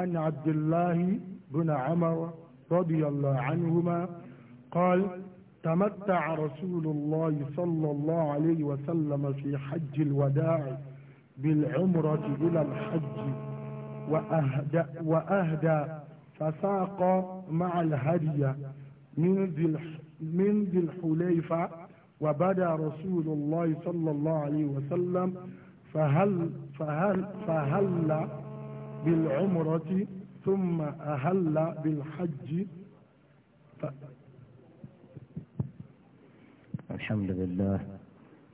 أن عبد الله بن عمر رضي الله عنهما قال تمتع رسول الله صلى الله عليه وسلم في حج الوداع بالعمرة إلى الحج وأهدى, وأهدى فساق مع الهدي من ذي من ذي الحليفة وبدا رسول الله صلى الله عليه وسلم فهل فهل فهل بالعمرة ثم أهل بالحج ف... الحمد لله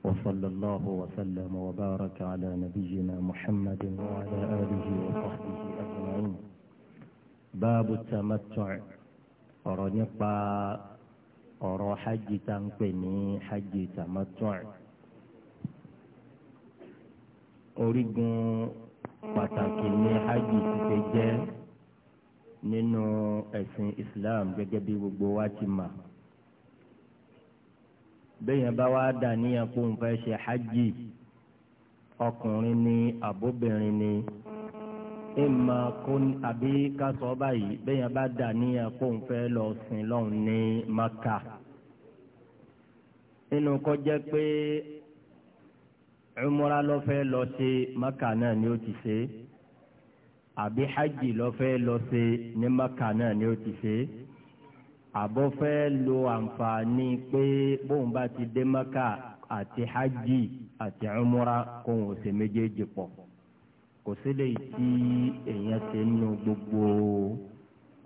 وصلى الله وسلم وبارك على نبينا محمد وعلى آله وصحبه أجمعين باب التمتع ورنقى nípa حج تنقني حج تمتع أريد pàtàkì ní hajj títẹ jẹ́ nínú ẹ̀sìn islam gẹ́gẹ́ bí gbogbo wa ti mà bẹ́yẹn bá wá dà níyàn kó n fẹ́ ṣe hajj ọkùnrin ni àbóbìnrin ni ẹ máa kó àbí ká sọ báyìí bẹ́yẹn bá dà níyàn kó n fẹ́ lọ sìn lọ́hùn ní maka nínú kọjá pé umra ló fẹ́ lọ ṣe maka náà ni ó ti ṣe àbí hajj ló fẹ́ lọ ṣe ní maka náà ni ó ti ṣe àbọ̀ fẹ́ lo àǹfààní pé bóun bá ti dé maka àti hajj àti umra kóun ò ṣe méjèèjì pọ̀ kò sí lè tí èèyàn ṣe nínú gbogbo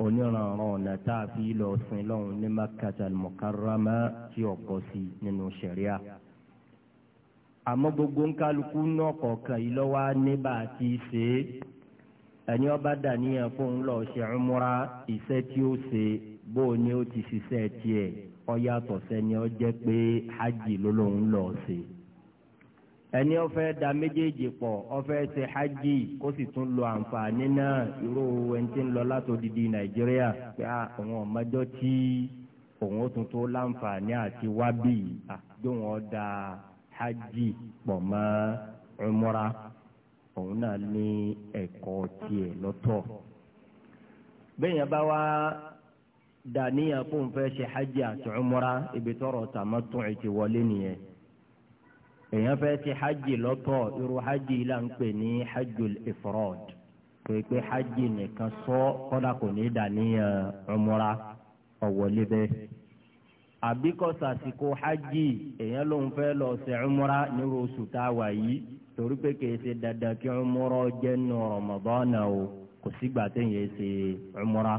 oníranran ọ̀nà tá a fi lọ sin lọ́hùn ní makata al tí ọ̀pọ̀ sí nínú ṣẹ̀ríà àmọ́ gbogbo ń kálukú náà kọ̀ọ̀kan yìí lọ́wọ́ níbà tí í ṣe é ẹni ọba dàníyàn fóun lọ ṣe umura iṣẹ́ tí ó ṣe bó o ní ó ti ṣiṣẹ́ tiẹ̀ ó yàtọ̀ sẹ́ni ó jẹ́ pé hajj ló lòun lọ ṣe ẹni ó fẹ́ da méjèèjì pọ̀ ó ṣe hajj kó sì tún lo àǹfààní náà irú ẹni tí ń lọ látòdìdí nàìjíríà pé àwọn ah, ọmọdé tí òun ó tún láǹfààní àti wábì àdóhùn ah, ọ̀dà hajj pọ̀ mọ́ umra òun náà ní ẹ̀kọ́ tiẹ̀ lọ́tọ̀ bẹ́ẹ̀ yẹn bá wá dàníyàn kó n fẹ́ ṣe hajj àti umra ibi tọrọ tamattu ti wọlé nìyẹn èèyàn fẹ́ ṣe hajj lọ́tọ̀ irú hajj là ń pè ní hajjul ifrad pèpè hajj nìkan sọ kọ́dà kò ní dàníyàn umra ọ̀wọ́lé àbíkọ́sà àsìkò hajj èèyàn ló ń fẹ́ lọ ṣe umra nírú oṣù tá a wà yìí torí pé kìí ṣe dandan kí umra jẹ́ nù Ramadan o kò sígbà téèyàn ṣe umra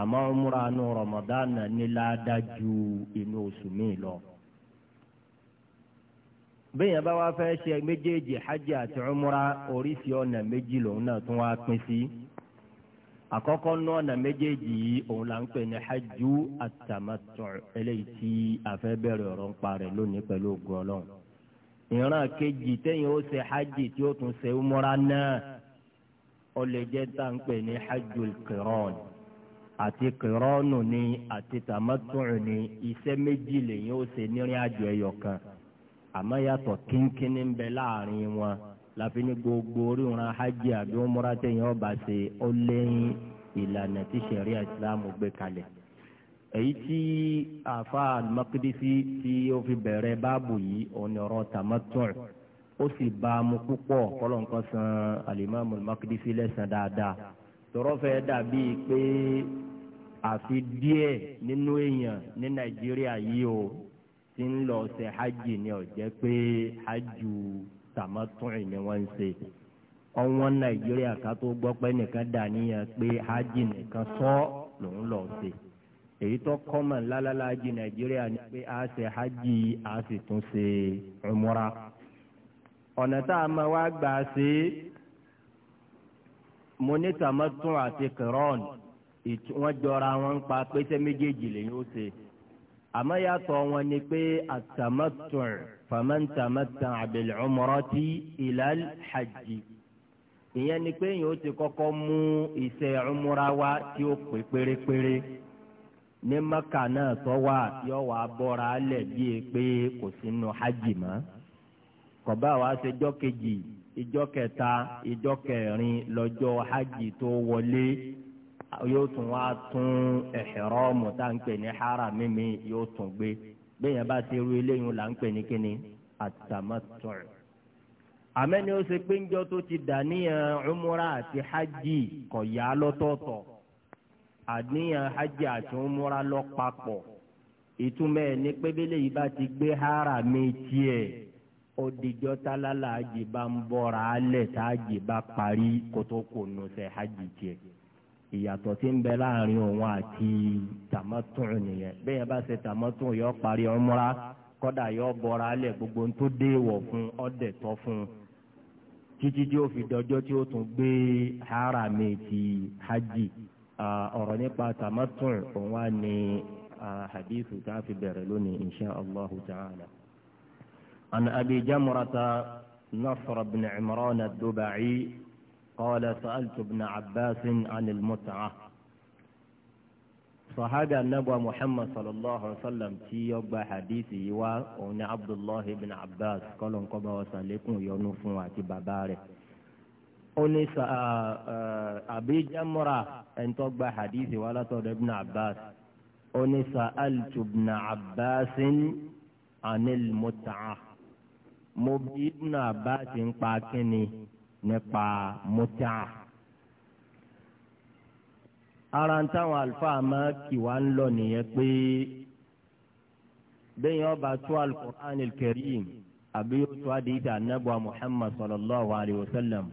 àmọ́ umra nù Ramadan ní ládájú inú oṣù míì lọ. béèyàn bá wá fẹ́ ṣe méjèèjì hajj àti umra oríṣi ọ̀nà méjì lòun náà tún wá pín sí. Si àkọ́kọ́ nú ọ̀nà méjèèjì yìí òun là ń pè ní hajju atamattu eléyìí tí a fẹ́ bẹ̀rẹ̀ ọ̀rọ̀ ń parẹ́ lónìí pẹ̀lú ògùn ọlọ́run ìran kejì tẹ́yìn ó ṣe hajj tí ó tún ṣe umra náà ó lè jẹ́ tá à ń pè ní hajjul qiran àti qiranu ni àti tamattu ni iṣẹ́ méjì lèyìn ó ṣe nírìn àjò ẹyọ kan àmọ́ yàtọ̀ kínkínní ń bẹ láàrin wọn láfi ní gbogbo oríran hajj àbí umra tẹ̀yìn ọba ṣe ó lẹ́yìn ìlànà tí sẹ̀ríà ìsìlámù gbé kalẹ̀ èyí tí àfa al-Maqdisi tí ó fi bẹ̀rẹ̀ báàbù yìí òní ọ̀rọ̀ tamattu' ó sì bá a mu púpọ̀ kọ́lọ́nkọ́ san al-Imam al-Maqdisi lẹ́sàn dáadáa tọrọfẹ́ dàbí pé àfi díẹ̀ nínú èèyàn ní Nàìjíríà yìí o ti ń lọ ṣe hajj ni ó pé hajj tàmátúrì ni wọ́n ń ṣe ọ̀wọ́n nàìjíríà ká tó gbọ́ pé nìkan dà níyàn pé hajj nìkan sọ lòun lọ ṣe èyí tó kọ́mọ̀ lálálá hajj nàìjíríà ni pé a ṣe hajj a sì tún ṣe umura ọ̀nà tá a máa wá gbà ṣe mo ní tàmátún àti kìrọ́ọ̀nù wọ́n jọra wọn ń pa pété méjèèjì lèyìn ó ṣe àmọ́ yàtọ̀ wọn ni pé àtàmátùn فمن تمتع بالعمرة إلى الحج hajji ìyẹn ni pé yìí ó ti kọ́kọ́ mú iṣẹ́ umra wá tí ó pè pérépéré ní maka náà tó wà yóò wá bọ́ra lẹ̀ bíi pé kò sínú hajj mọ́ kọ̀bá wa ṣe jọ́ kejì ìjọ kẹta ìjọ kẹrin lọ́jọ́ hajj tó wọlé yóò tún wá tún ihramu tá ní haram yóò tún gbé. bẹ́ẹ̀ yẹn bá ti ru eléyìí là ń pè ní kíni àtàmọ́tọ̀. àmẹ́ni ó ṣe ti dà níyàn àti hajj kò yá lọ́tọ̀ọ̀tọ̀ àníyàn hajj àti umura lọ papọ̀ ìtumọ̀ ẹ̀ ní pé bẹ́lẹ̀ ti gbé hara mi tiẹ̀ odijọ́ tálálà hajj bá ń bọ̀ra alẹ̀ tá hajj bá parí hajj tiẹ̀. ìyàtọ̀ tí ń bẹ láàrin òun àti tàmọ́tún nìyẹn bẹ́ẹ̀ bá ṣe tàmọ́tún yọ parí ọmúra kọ́dà yọ bọ́ra alẹ̀ gbogbo ń tó dé fún ọ̀dẹ̀ tọ́ fún un títí tí ó fi dọjọ́ tí ó tún gbé ti hajj ọ̀rọ̀ nípa tàmọ́tún òun wà ní hadithu tá a fi bẹ̀rẹ̀ قال سألت ابن عباس عن المتعة صحابة النبوة محمد صلى الله عليه وسلم تي يبا حديثي وأن عبد الله بن عباس قال انقبا وسالكم يونفون واتي باباره أني sa abi jamura ẹni tó gba hadithi wa látọ̀dọ̀ ibn abbas oni sa altubna abbasin anil muta'a mo bi ibn nípa mọ́tà. ara ń táwọn àlùfáà máa kì wá ń lọ nìyẹn pé bẹ́ẹ̀ ọba tó al-Qur'an al-Karim àbí ó tó adìyíta anábọ̀ Muhammad sallallahu alayhi wa sallam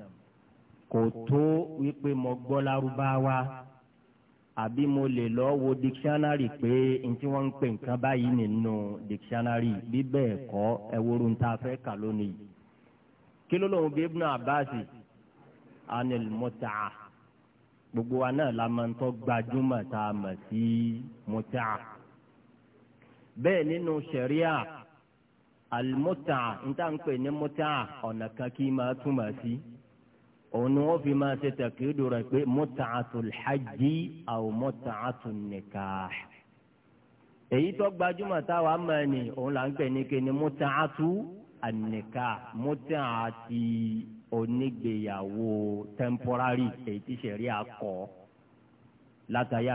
kò tó wípé mo gbọ́ lárúbáwá àbí mo lè lọ wo dictionary pé n tí wọ́n ń pè nǹkan báyìí nínú dictionary bí bẹ́ẹ̀ kọ́ ẹ wo orun tá kí ló lóun bí ibùnà àbáàsì anil mọ́tà gbogbo wa náà la máa ń tọ́ gbajúmọ̀ tá a mọ̀ sí mọ́tà bẹ́ẹ̀ nínú sẹ̀ríà alimọ́tà níta ń pè ní mọ́tà ọ̀nà kan kí máa túmọ̀ sí òun ni wọ́n fi máa ṣe tẹ̀kídù rẹ̀ pé mọ́tà àtúlhájì àwọn mọ́tà àtúnìkà èyí tó gbajúmọ̀ táwa mọ̀ ni òun là ń pè ní kíni mọ́tà àtúnìkà ànìkà mútẹ́ àti onígbéyàwó temporary èyí tí sẹ̀rí akọ látàrí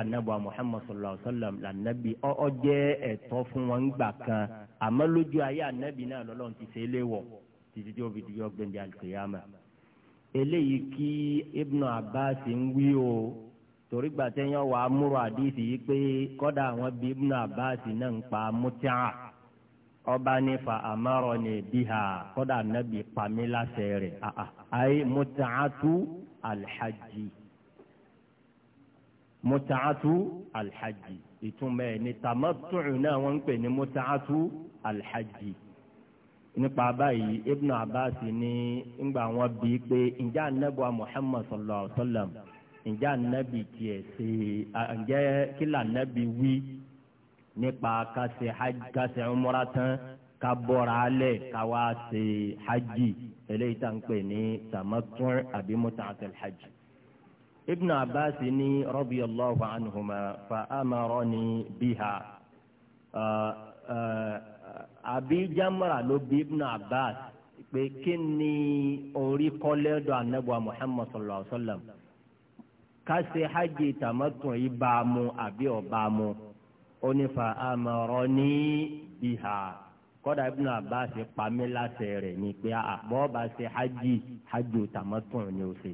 Muhammad sallallahu alayhi wa sallam lànàbí ó jẹ́ ẹ̀tọ́ fún wọn gbà kan àmọ́ lójú ayé ànábì náà lọ́lọ́run ti ṣe é léwọ̀ títí tí ó fi dijọ́ gbẹ̀ndẹ̀ àlùkìyàmà eléyìí kí Ibnu Abbas ń wí o torí gbàtẹ́yìn wàá múrò àdìsí yìí pé kọ́dà àwọn bíi Ibnu Abbas náà ń pa mútíà ọba nífa àmọ́rọ̀ ní bíhà kọ́dà nàbí pàmílàṣẹ rẹ̀ àyè mùtàátù alhaji mùtàátù alhaji ìtumọ̀ ẹ̀ ní tàmọ́tùrù náà wọ́n ń pè ní mùtàátù alhaji nípa báyìí ibnu abbas ní ngbà wọn bíi pé ǹjẹ́ anábọ̀ muhammad sallallahu alayhi wa sallam ǹjẹ́ anábì tiẹ̀ ṣe ǹjẹ́ kí lànàbì wí nípa kásì hajj kásì umra tán ká bọ́ra alẹ̀ ká wá ṣe hajj eléyìí tá à ń pè ní tamattu' àbí mut'atul hajj. ibn abbas ní radiyallahu anhuma fa amarani biha àbí jamra ló bí ibn abbas pé kí ni orí kọ́lẹ́ dọ̀ anábọ̀ muhammad sallallahu alayhi wa sallam ká ṣe hajj tamattu' ìbámu àbí ọ̀bámu ó ní fa amọ̀rọ̀ ní bìhà kọ́dà ibùdó àbáṣe pamí láṣẹ rẹ̀ ni pé àbọ̀ bá ṣe hajj hajj tàmọ́tún ni ó ṣe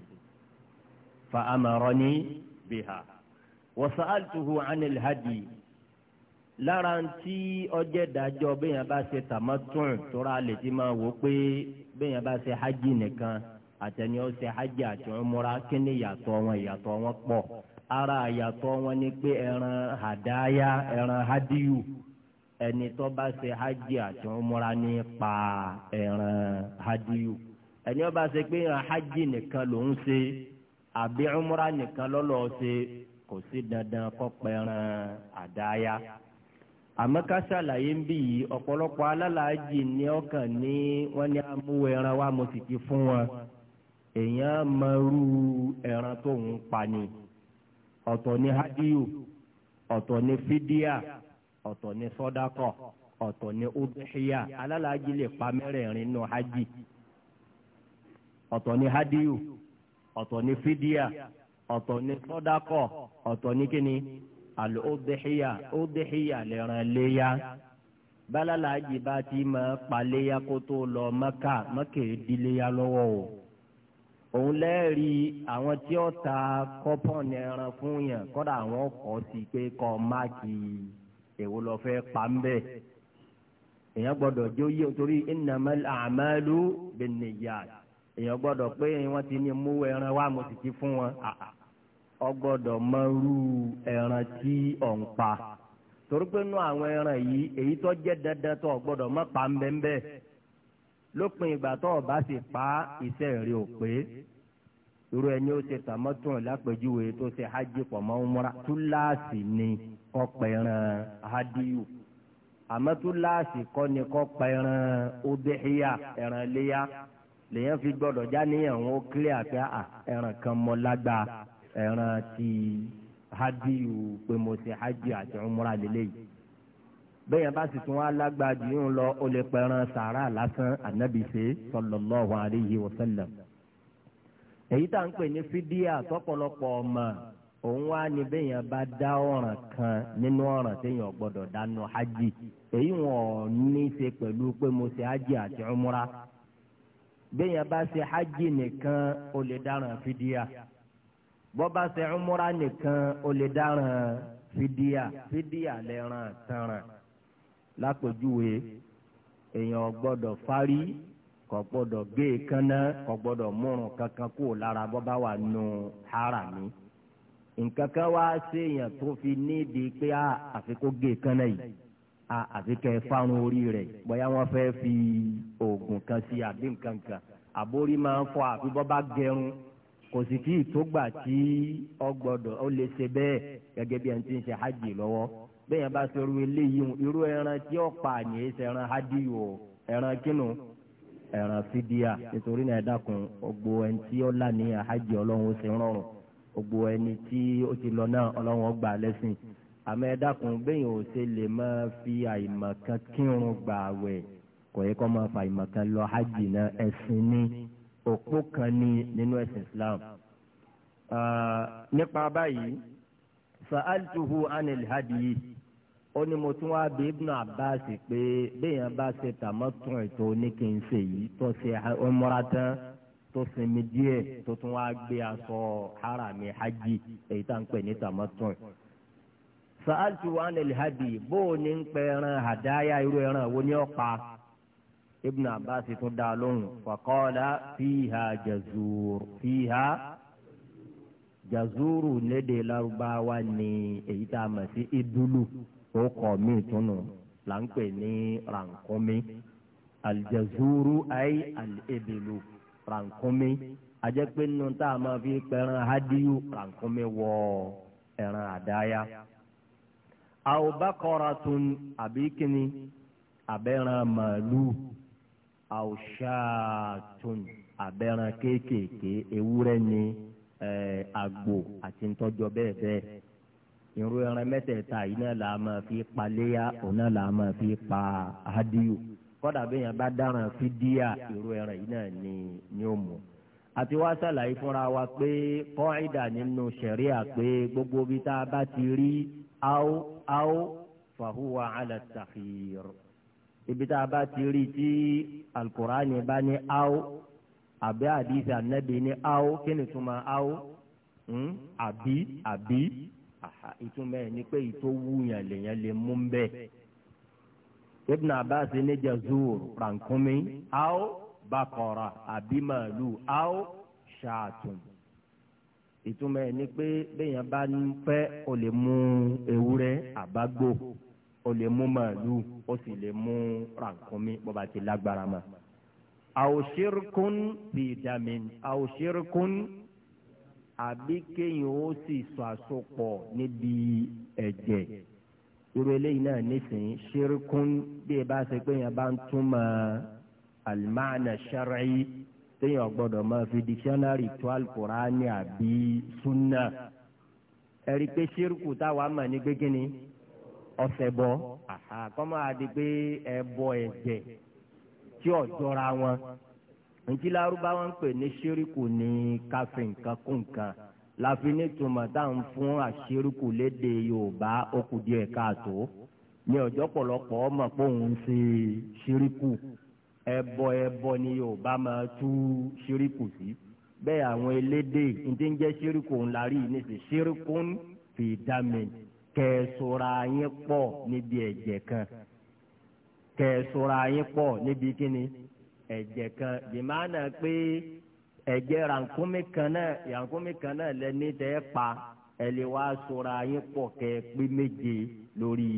fa amọ̀rọ̀ ní bìhà wọ́sàálùtùhù anil hadi lára ntí ọjẹ́ dájọ́ bẹ́yàn bá ṣe tàmọ́tún tóra lè ti máa wò pé bẹ́yàn bá ṣe hajj nìkan àtẹni ṣe hajj àti umura kí ni ìyàtọ̀ wọn ìyàtọ̀ wọn pọ̀ ara àyàtọ̀ wọn ni pé ẹran àdáyá ẹran hádìyù ẹni tó bá ṣe hajj àti umra ní pa ẹran hádìyù ẹni ó bá ṣe pé ẹran hajj nìkan ló ń ṣe àbí umra nìkan lọ́lọ́ ṣe kò sí dandan kó pẹran àdáyá àmọ́ ká ṣàlàyé ń bí yìí ọ̀pọ̀lọpọ̀ alálàájì ní ọkàn ní wọ́n ní amúwẹ̀ ẹran wa mo sì ti fún wọn èèyàn mọ̀rú ẹran tó ń pa ni ọ̀tọ̀ ni hadiyu ọ̀tọ̀ ni fidia ọ̀tọ̀ ni sọ́dákọ̀ ọ̀tọ̀ ni udhiya alálàájì lè pa mẹ́rẹ̀ẹ̀rin nù hajj ọ̀tọ̀ ni hadiyu ọ̀tọ̀ ni fidia ọ̀tọ̀ ni sọ́dákọ̀ ọ̀tọ̀ ni kíni al-udhiya udhiya lẹ́ran léya bálálàájì bá ti máa pa léya lọ mẹ́kà mẹ́kà èdè léya o òun lẹ́ẹ̀rí àwọn tí ó ta kọ́pọ̀nù ẹran fún yàn kọ́dà àwọn ọkọ̀ sí pé kọ́ máàkì èwo lọ fẹ́ pa ń bẹ̀. èèyàn gbọ́dọ̀ jó yí torí innamal a'malu binniyat èèyàn gbọ́dọ̀ pé wọ́n ti ní mú ẹran wá mo sì ti fún wọn ó gbọ́dọ̀ mọrú ẹran tí ò ń pa torí pé nú àwọn ẹran yìí èyí tó jẹ́ dandan tó ó gbọ́dọ̀ pa ń bẹ́ẹ̀ bẹ́ẹ̀ lópin ìgbà tó o bá sì pa iṣẹ́ rí o pé irú ẹni ó ṣe tàmọ́tún lápèjúwe tó ṣe hajj pọ̀ mọ́ umra túláàsì ni kọ́ pẹ̀ràn hadiyu àmọ́ túláàsì kọ́ ni kọ́ pẹ̀ràn obìhíyà ẹ̀ràn léyà lèyàn fi gbọ́dọ̀ já níyàn ó kílẹ̀ àti ẹ̀ràn kan mọ́ lágbá ẹ̀ràn ti hadiyu pé mo ṣe hajj àti umra lélẹ́yìí bẹ́ẹ̀ yẹn bá sì tún wá lágbàdì ń lọ ó lè pẹran lásán ànábì ṣe sallallahu alayhi wa sallam. èyí tá à ń pè ní fídíà tọ́pọ̀lọpọ̀ ọmọ òun wá ní bẹ́ẹ̀ yẹn bá dá ọ̀ràn kan nínú ọ̀ràn téèyàn gbọ́dọ̀ dánú hajj èyí wọn ò ní í ṣe pẹ̀lú pé mo ṣe hajj àti umrah bẹ́ẹ̀ yẹn bá ṣe hajj nìkan ó lè dáràn fídíà bọ́ bá ṣe umrah nìkan ó lè dáràn fídíà fídíà lẹ́ràn tẹ̀ràn lápèjúwe èèyàn gbọ́dọ̀ fárí kò gbọ́dọ̀ gé èékánná kò gbọ́dọ̀ múrun kankan kó lára bọ́ bá wà nù harami nǹkan wá séèyàn tó fi nídìí pé a àfi kó gé èékánná yìí a àfi kẹ́ fárun orí rẹ̀ bóyá wọ́n fẹ́ fi oògùn kan sí àbí nǹkan àbórí máa ń fọ àfi bọ́ bá gẹrun kò sì tí ì tó gbà tí ọ gbọ́dọ̀ ó lè ṣe bẹ́ẹ̀ gẹ́gẹ́ bí ẹni tí ń ṣe hajj lọ́wọ́ bẹ́ẹ̀ yẹn bá ṣe ru eléyìí hùn irú ẹran tí ó pa àyè ṣe ẹran hádìyò ẹran kínú ẹran fídíà nítorí náà dákun gbogbo ẹni tí ó là ní àhájì ọlọ́run ó ṣe rọrùn gbogbo ẹni tí ó ti lọ náà ọlọ́run ó gbà lẹ́sìn àmọ́ ẹ dákun bẹ́ẹ̀ ò ṣe lè máa fi àìmọ̀ kan kírun gbà wẹ̀ kò yẹ kó máa fa àìmọ̀ kan lọ hajj náà ẹ̀sìn ni òpó kan ni nínú ẹ̀sìn Islam. nípa báyìí sa'altuhu anil hadiyi ó ní mo tún wáá bí Ibn Abbas pé béèyàn bá ṣe tàmọ́tún ètò oníkìíṣe yìí tó ṣe ọmọra tán tó sinmi díẹ̀ tó tún wáá gbé aṣọ harami hajj èyí tá à ń pè ní tàmọ́tún. sa'altu wa anil hadi bó o ní ń pẹ́ ẹran hadaya irú ẹran wo ni ó pa Ibn Abbas tún dá a lóhùn faqala fiha jazur fiha jazuru lédè Lárúbáwá ni èyí tá a mọ̀ sí idulu orúkọ míì túnú là ni pè ní aljazuru ayi alebelu rànkúnmí ajẹ́pẹ́ nínú tá a máa fi pẹ̀ràn hadiyu rànkúnmí wọ ẹ̀ràn àdáyà aw baqaratun àbí kíni abẹ́ràn màálù aw shaatun abẹ́ràn kéékèèké ewúrẹ́ ni àgbò àti ntọ́jọ́ bẹ́ẹ̀ bẹ́ẹ̀ irú ẹran mẹ́tẹ̀ẹ̀ta yìí náà là á máa fi pa léyà òun náà là á máa fi pa ádìyù kọ́dà bẹ́ẹ̀ bá dáràn fídíà irú ẹran yìí náà ni ni ó mú àti wá sàlàyé fúnra wa pé kọ́ńdà nínú ṣẹ̀ríà pé gbogbo bí tá a bá ti rí áó áó fàhùwà àlà tàfíìr ibi tá a bá ti rí tí alukur'ani bá ní áó àbí àdìsí ànábì ní áó kí ni túmọ̀ áó hmm? àbí àbí àhà ìtumọ̀ ẹ̀ ni pé ìtò wúyàn lèyàn lè mú bẹ́ẹ̀. Ibn Abbas ní jazur rankumi aw bakora àbí màálù aw ṣaatun. ìtumọ̀ ẹ̀ ni pé béèyàn bá ń pẹ́ o lè mú ewúrẹ́ àbágbò o lè mú màálù o sì lè mú rankumi bọ́ba ti lágbára ma. àwòṣírkún bìdàmín àwòṣírkún àbí kéèyàn ó sì sọ àsopọ̀ níbi ẹ̀jẹ̀ irú eléyìí náà nísìnyí ṣírkún bí ẹ bá ṣe pé yẹn bá ń túmọ̀ alimáàna ṣẹ́rẹ́yì téèyàn gbọ́dọ̀ máa fi dikisẹ́nárì tó alukurani àbí súnà ẹ̀rí pé ṣírkù táwa mọ̀ ní gbégéni ọ̀sẹ̀ bọ̀ àkọ́mọ́ àdìgbé ẹ̀bọ ẹ̀jẹ̀ tí ò jọra wọn ntí lárúbáwá ń pè ní ṣíríkù ní káfí nǹkan kún nǹkan láfi nítumọ̀ tá à ń fún àṣíríkù léde yorùbá okùn díẹ̀ káàtó ní ọjọ́ pọ̀lọpọ̀ ọmọ pé òun ń ṣe ṣíríkù ẹbọ ẹbọ ni yorùbá máa tú ṣíríkù sí bẹ́ẹ̀ àwọn elédè ntí ń jẹ́ ṣíríkù ńlá rí ní ti ṣíríkù fi dá mi yín pọ̀ níbi ẹ̀jẹ̀ kan kẹsùra yín pọ̀ níbi kíni ẹ̀jẹ̀ kan jìmánà pé ẹ̀jẹ̀ rànkúnmí kan náà rànkúnmí kan náà lẹ́ni tẹ́ ẹ pa ẹ lè wá sora yín pọ̀ kẹ́ pé méje lórí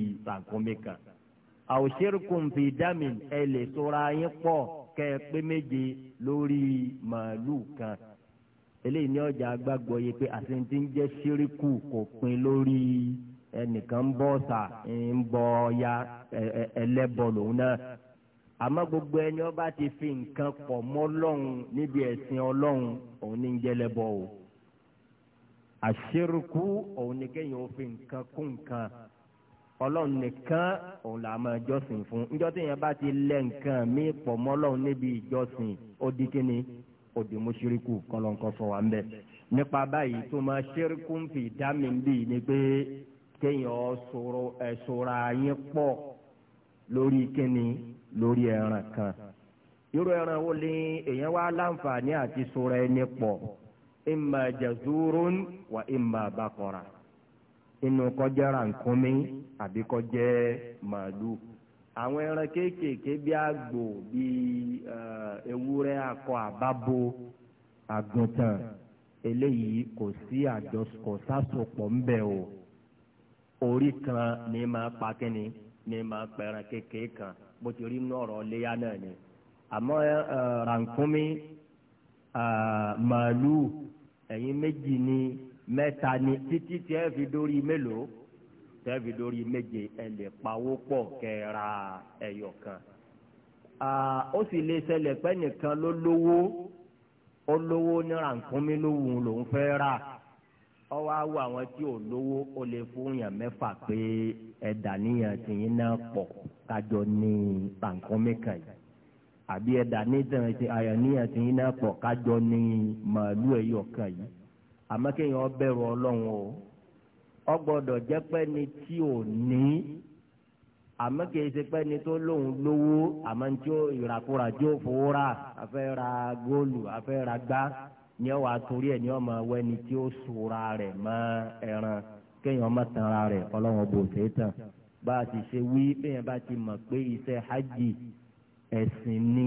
kan fi dámì ẹ lè sora yín pọ̀ kẹ́ pé méje lórí màálù kan eléyìí ní ọjà gbàgbọ́ yìí pé àti ń jẹ́ kò pin lórí ẹnìkan ń ọ̀sà ń ọ̀ya ẹlẹ́bọ̀ lòun àmọ́ gbogbo ẹni ó bá ti fi nǹkan pọ̀ mọ́ ọlọ́run níbi ẹ̀sìn ọlọ́run òun ní ń jẹlẹ́bọ o àṣírùkú òun ní kéèyàn ó fi nǹkan kún nǹkan ọlọ́run nìkan òun là máa jọ́sìn fún níjọ́ tí yẹn bá ti lẹ̀ nǹkan mí pọ̀ mọ́ ọlọ́run níbi ìjọsìn ó di kíni ó di mọ́ṣíríkù kọ́lọ́ńkọ́ sọ wà ń bẹ̀ nípa báyìí tó máa ṣírùkú ń fi dá mi bì ní pé kéèyàn ó lórí kíni lórí ẹran kan irú ẹran wo ni èèyàn wá láǹfààní àti sora ẹni pọ̀ imma jazurun wa imma bakora inú kọjá rànkúnmí àbí kọjá màálù àwọn ẹran kéékèèké bí bí ewúrẹ́ akọ àbábo àgùntàn eléyìí kò sí àjọsọ sásopọ̀ ńbẹ o orí kan ní máa pa ní máa pẹran kékeré kan bó ti rí nọ̀rọ̀ léyà náà ni àmọ́ rànkúnmí màálù ẹ̀yin méjì ni mẹ́ta ni títí tí ẹ fi dórí mélòó tẹ́ ẹ fi dórí méje ẹ lè pawó pọ̀ kẹ́ra ẹyọ kan ó sì lè ṣẹlẹ̀ pẹ́ nìkan ló lówó ó lówó ní rànkúnmí lówùn lòún fẹ́ rà ọwọ́ awọ àwọn tí ò lówó ó lè fún yàn mẹ́fà pé ẹ̀dà níyàn tìyín náà pọ̀ kájọ ní pàǹkọ́mì kan yìí àbí ẹ̀dà níyàn tìyín náà pọ̀ kájọ ní màálù ẹ̀yọ̀ yìí àmọ́ kéèyàn ọbẹ̀rù ọlọ́run o ọ jẹ́ pé ni tí ò ní àmọ́ kìí ṣe pé ni tó lóun lówó àmọ́ tí ó ìràkúrà tí ó fowó rà afẹ́ ra góòlù afẹ́ ra gbá ni ọ wà torí ẹ ni ọ máa wẹ ni tí ó sora rẹ mọ ẹran kéèyàn má tanra rẹ ọlọ́wọ́n bò ṣe é tàn bá a ti ṣe wí bẹ́ẹ̀ bá ti mọ̀ pé iṣẹ́ hajj ẹ̀sìn ni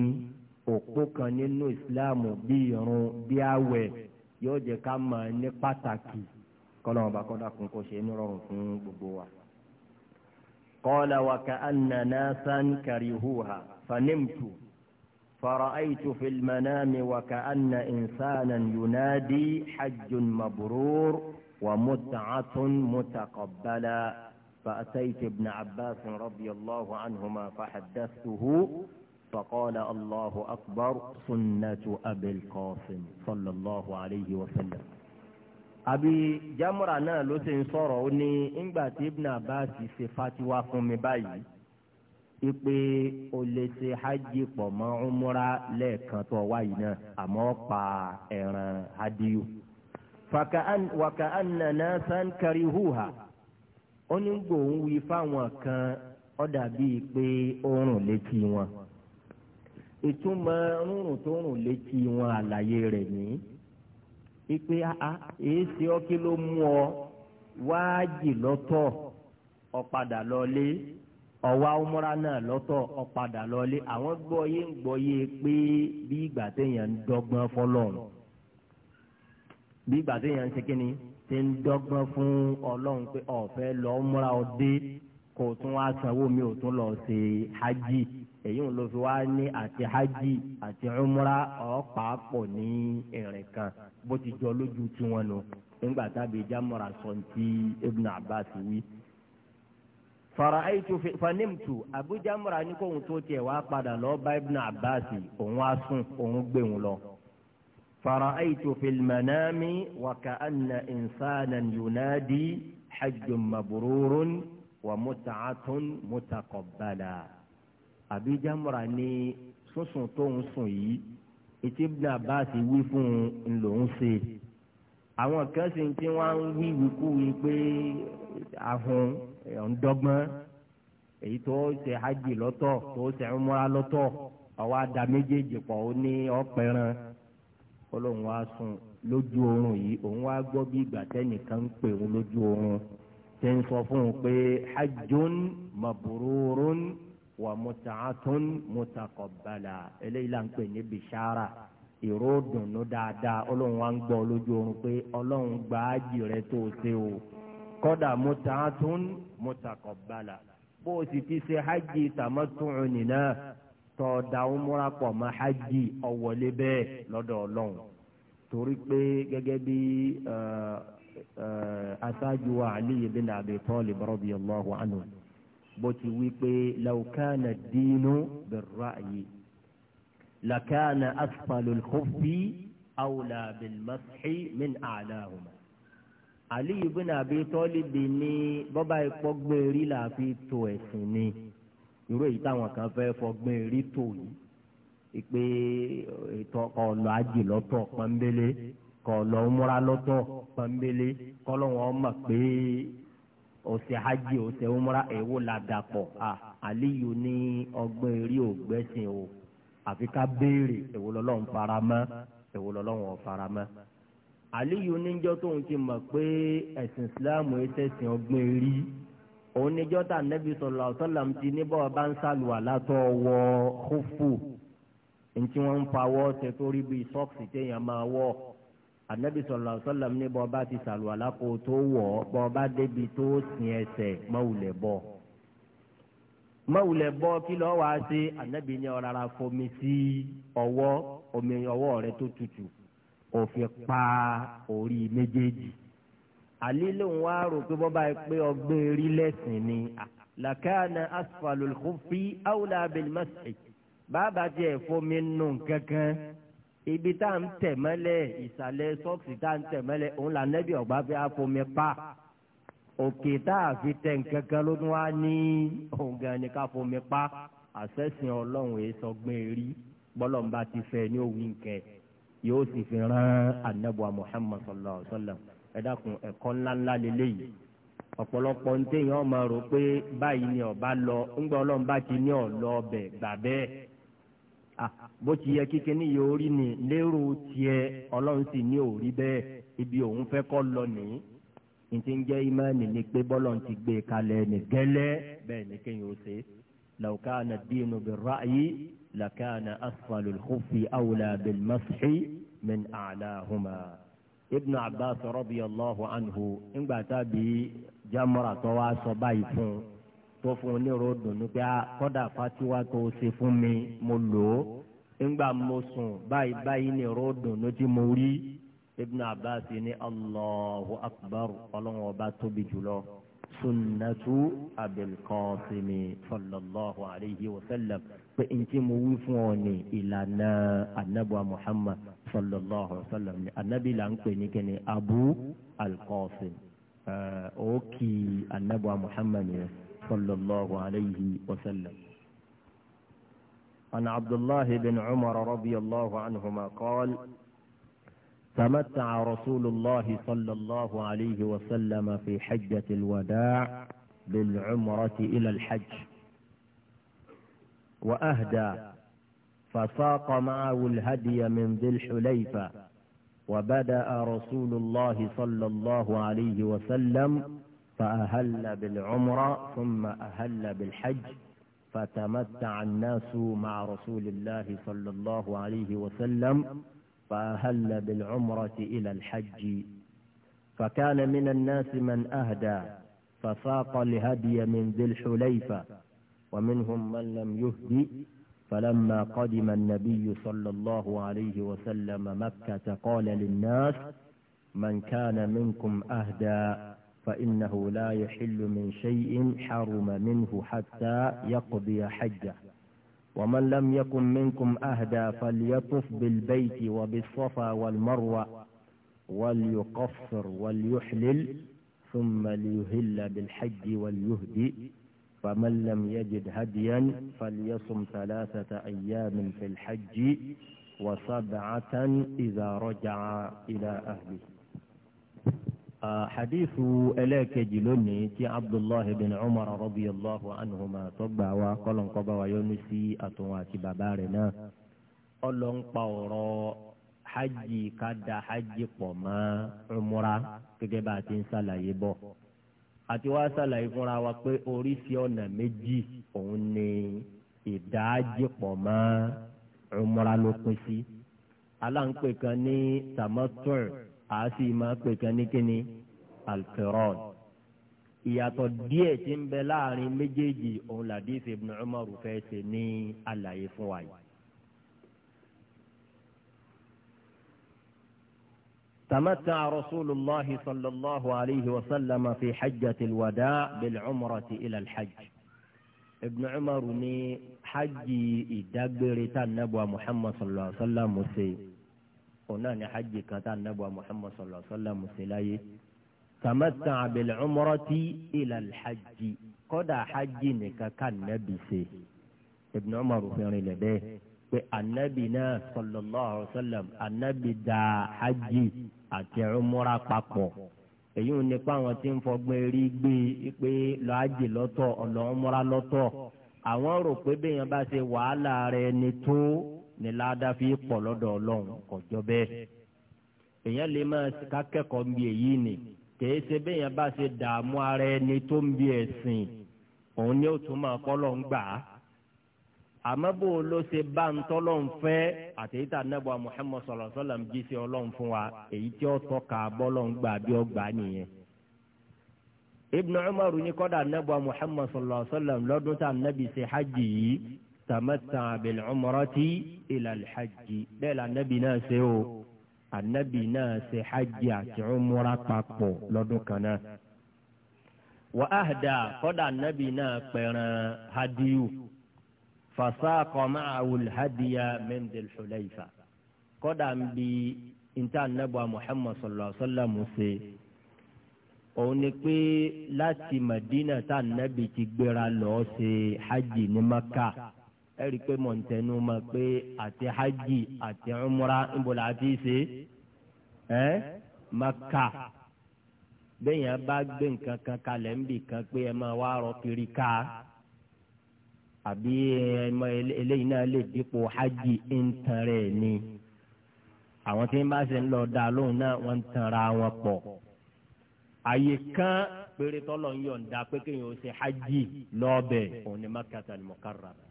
òpó kan nínú ìsìláàmù bí irun bí àwẹ̀ yóò jẹ́ ká mọ̀ ní pàtàkì kọ́lọ́wọ́n bá kọ́dà kún kó ṣe é nírọ̀rùn fún gbogbo wa. qala wa ka'anna nasan karihuha fanimtu. فرأيت في المنام وكأن إنسانا ينادي حج مبرور ومتعة متقبلا فأتيت ابن عباس رضي الله عنهما فحدثته فقال الله أكبر سنة أبي القاسم صلى الله عليه وسلم أبي جمرنا لسن ló إن بات ابن عباس صفات ìgbà tí ipe olese lè ṣe mọ pọ̀ mọ́ umra lẹ́ẹ̀kan tó wá yìí náà àmọ́ pa ẹran hadiyu. fàkàán wàkàán nàná sankari hùwà ó ní gbòòhùn wí fáwọn kan ó dàbí pé ó rùn létí wọn. ìtumọ̀ rúrùn tó rùn létí wọn àlàyé rẹ̀ ní. ipe a èé ṣe ọ́ kí ló mú ọ wáá jì lọ́tọ̀ ọ̀padà lọ lé. ọ̀wá ọmọra náà lọ́tọ̀ ọ̀padà lọ́lé àwọn gbọ́yé ń gbọ́yé pé bí ìgbà téèyàn ń dọ́gbọ́n fọlọ́run bí ìgbà téèyàn ń ṣe ni ti ń dọ́gbọ́n fún ọlọ́run pé ọ̀fẹ́ lọ ọmọra ọdẹ kò tún wá sanwó mi ò tún lọ ṣe hajj èyí ń lọ fi wá ní àti hajj àti ọmọra ọ̀pàápọ̀ ní ẹ̀rìn kan bó ti jọ lójú tiwọn nù nígbà tábìjà mọ̀ra sọ̀ntì Ibn Abbas wí fara aitu fanimtu abuja mura ní kóhun tó tiẹ̀ wá padà lọ bá ibn abbas òun á sùn òun gbé òun lọ. fara aitu filmanami waka anna insanan yunadi hajjun mabururun wa mutacatun mutakobala. abuja mura ní sunsun tóun sùn yìí ètí ibn abbas wí fún un lòún ṣe. àwọn kan tí wọ́n ń wí wíkú wí pé ahun ọ̀ndọ́gbọ́n èyí tó ṣe hajj lọ́tọ̀ tó ṣe umra lọ́tọ̀ ọwọ́ ada méjèèjì pọ̀ ó ní ọ̀pẹ̀ràn olóhùn wa sùn lójú oorun yìí òun wá gbọ́ bí ìgbà tẹ́nìkan ń pè òun lójú oorun ṣe ń sọ fún un pé hajjun mabururun wa mutaatun mutakọ̀bala eléyìí là ń pè ní bishara ìró dùnú dáadáa olóhùn wa ń gbọ́ lójú oorun pé ọlọ́run gba rẹ tó o ṣe o kọ́dà mut'atun mutaqabbala bó o sì ti ṣe hajj tamattu'u nìna tọ́da umra pọ̀ mọ́ hajj ọ̀wọ́lé bẹ́ẹ̀ lọ́dọ̀ ọlọ́run torí pé gẹ́gẹ́ bí aṣáájú wa Ali ibn Abi Talib radiyallahu anhu bó ti wí pé law kana ad-dinu lakana asfalul khuffi awla bil min a'lahuma. Ali bin abi tọ́líbi ní bọ́bá ipò gbèrí la fi tó ẹ̀sìn ni irú èyí táwọn kan fẹ́ fọ gbèrí tó yìí ìpè ètò ọ̀lọ́ àjè lọ́tọ̀ pọ́nbélé kọ̀ọ̀lọ́ múra lọ́tọ̀ pọ́nbélé kọ́lọ́wọ́n mọ̀ pé ọ̀sẹ̀ hajj ọ̀sẹ̀ múra èwo la dàpọ̀ aliyu ní ọgbọ́n eré ògbẹ́sìn o àfi ká béèrè èwo lọ́lọ́run fara mọ́ èwo lọ́lọ́run ò fara mọ́ àlíyù níjọ́ tóun ti mọ̀ pé ẹ̀sìn ìsìláàmù ẹ̀sẹ̀sìn ọgbọ́n rí òun níjọ́ tá nẹ́bí sọ̀rọ̀ àwọ̀sọ́là ti níbọ̀ bá ń sàlùwà látọ̀ wọ kófù ntí wọ́n ń fawọ́ tẹ torí bíi sọ́ọ̀sì téèyàn máa wọ̀ ànẹ́bí sọ̀rọ̀ àwọ̀sọ́là níbọ̀ bá ti sàlùwà lákò tó wọ̀ bọ́ bá débi tó sin ẹsẹ̀ mọ́wùlẹ̀ bọ̀ mọ́wùlẹ̀ bọ́ kí lọ́ wá sí ànẹ́bí ní ọ̀rọ̀ fomi sí ọwọ́ omi ọwọ́ rẹ tó tutù òfin pa orí méjèèjì àlílẹ̀ òun wá rò pé bọ́ba ẹ pé ọgbẹ́ rí lẹ́sìn ni làkàna asfalul khufi awla bil masjid bàbá tiẹ̀ fomi nù kankan ibi tá à ń tẹ̀ mọ́lẹ̀ ìsàlẹ̀ sọ́ọ̀sì tá à ń tẹ̀ mọ́lẹ̀ òun là nẹ́bí ọ̀gbá fi àfomi pa òkè tá a fi tẹ̀ nǹkan ló wá ní òun gan ni ká fomi pa àṣẹ̀sìn ọlọ́run èso gbẹ̀rí bọ́lọ̀ ń bá ti fẹ́ ní òwì nǹkan yóò sì fi rán anabuwa muhammad sallallahu alaihi wa sallam ẹ dákun ńláńlá lélẹ́yìí ọ̀pọ̀lọpọ̀ ń ni ọba lọ ńgbà ọlọ́run bá ti ní ọlọ gbà bẹ́ẹ̀ bó ti yẹ kíkẹ́ ní iye orí ni lérò tiẹ̀ sì ní òrí ibi òun fẹ kọ lọ ni pé ti gbé ní ni ó ṣe لكان أصل الخف أولى بالمسح من أعلاهما ابن عباس رضي الله عنه إن باتابي جمرة تواصى بايفون tó fún un ní ròdùn ní pé kọ́dà fatiwa tó ṣe fún mi mo lò ó ńgbà mo sùn báyìí báyìí ní ròdùn ní tí mo rí ibn abbas ní allahu akbar ọlọ́run ọba tóbi jùlọ sunnatu abil qasim sallallahu alayhi wa sallam pé tí mo wí fún ọ ní ìlànà anabuwa muhammad sallallahu alayhi wa sallam ni anabi là ń pè ní kíni abu alqasim òkì anabuwa muhammad ni sallallahu alayhi wa sallam. عن عبد الله بن عمر رضي الله عنهما قال تمتع رسول الله صلى الله عليه وسلم في حجة الوداع بالعمرة إلى الحج وأهدى فساق معه الهدي من ذي الحليفة وبدأ رسول الله صلى الله عليه وسلم فأهل بالعمرة ثم أهل بالحج فتمتع الناس مع رسول الله صلى الله عليه وسلم فأهل بالعمرة إلى الحج فكان من الناس من أهدى فساق الهدي من ذي الحليفة ومنهم من لم يهدي فلما قدم النبي صلى الله عليه وسلم مكة قال للناس من كان منكم أهدى فإنه لا يحل من شيء حرم منه حتى يقضي حجه ومن لم يكن منكم أهدى فليطف بالبيت وبالصفا والمروة وليقصر وليحلل ثم ليهل بالحج وليهدي فمن لم يجد هديا فليصم ثلاثة أيام في الحج وسبعة إذا رجع إلى أهله حديث إليك جلوني تي عبد الله بن عمر رضي الله عنهما طبع وقال انقبا ويونسي أتواتي بابارنا قال انقبا حجي كدا حجي قما عمره كجبات سلايبه àti wá sàlàyé fúnra wa pé oríṣi ọ̀nà méjì òun ni ìdájìpọ̀ mọ́ umra ló pín sí. aláǹpẹ̀ kan ní tamattu' àásì máa pè kan ní kíni alqirad. ìyàtọ̀ díẹ̀ tí ń bẹ láàrin méjèèjì òun làdí Ibn Umar fẹ́ ṣe ní àlàyé fún wa yìí. تمتع رسول الله صلى الله عليه وسلم في حجة الوداع بالعمرة إلى الحج ابن عمر ني حج إدبر تنبوى محمد صلى الله عليه وسلم مسي ونحن حج كتنبوى محمد صلى الله عليه وسلم مسي تمتع بالعمرة إلى الحج قد حج نكك النبي سي ابن عمر في لبيه النبي صلى الله عليه وسلم النبي دا حجي àti umura papọ̀ èyí ò ní pa àwọn tí ń fọgbọ́n erí gbé pé lọ́ájì lọ́tọ̀ ọ̀lọ́ umura lọ́tọ̀ àwọn rò pé bẹ́ẹ̀yàn bá ṣe wàhálà rẹ̀ ni tó ni ládàá fi pọ̀ lọ́dọ̀ ọlọ́run kò jọ bẹ́ẹ̀ èyàn lè máa kákẹ́kọ̀ọ́ bí èyí ni kèé ṣe bẹ́ẹ̀yàn bá ṣe dààmú ara ẹni tó ń bí ẹ̀sìn òun ni ó tún máa kọ́ lọ́ ń gbà á àmọ́ bó o ló ṣe bá ń tọ́lọ́ ń fẹ́ àtẹ̀yítà nẹ́bọ̀ Muhammad sallallahu alaihi wasallam jí sí ọlọ́run fún wa èyí tí ó tọ́ka bọ́lọ́n gbà bí ó gbà nìyẹn. Ibn Umar ní kọ́dà nẹ́bọ̀ Muhammad sallallahu alaihi wasallam lọ́dún tá nẹ́bi ṣe hajj yìí tàmẹ́tà bil umrati ila hajj bẹ́ẹ̀ la nẹ́bi náà ṣe o ànẹ́bi náà ṣe hajj àti umra papọ̀ lọ́dún kan náà. wà kọ́dà nẹ́bi náà pẹ̀ràn hadiyu fasaqa ma'ahu al-hadiya min dhil hulayfa kọ́dà ń bi níta anábọ̀ muhammad sallallahu alayhi wa sallam ṣe òun ni pé láti madina tá anábì ti gbéra lọ ṣe hajj ní maka ẹ rí i ma pé àti hajj àti umra ń bọ̀ láti ṣe maka bẹ́ẹ̀ yẹn bá gbé nǹkan kan kalẹ̀ ń bì kan pé ẹ máa wá rọ kiri ká àbí ẹmọ eléyìí náà lè dípò hajj ń tan rẹ̀ ni àwọn tí ń bá ṣe ń lọ dá lóhùn náà wọ́n ń tanra wọn pọ̀ àyè kan péré tọ́lọ̀ ń yọ̀ǹda pé kéèyàn ó ṣe hajj lọ́ọ̀bẹ̀ òun ni Makkata al-Mukarrama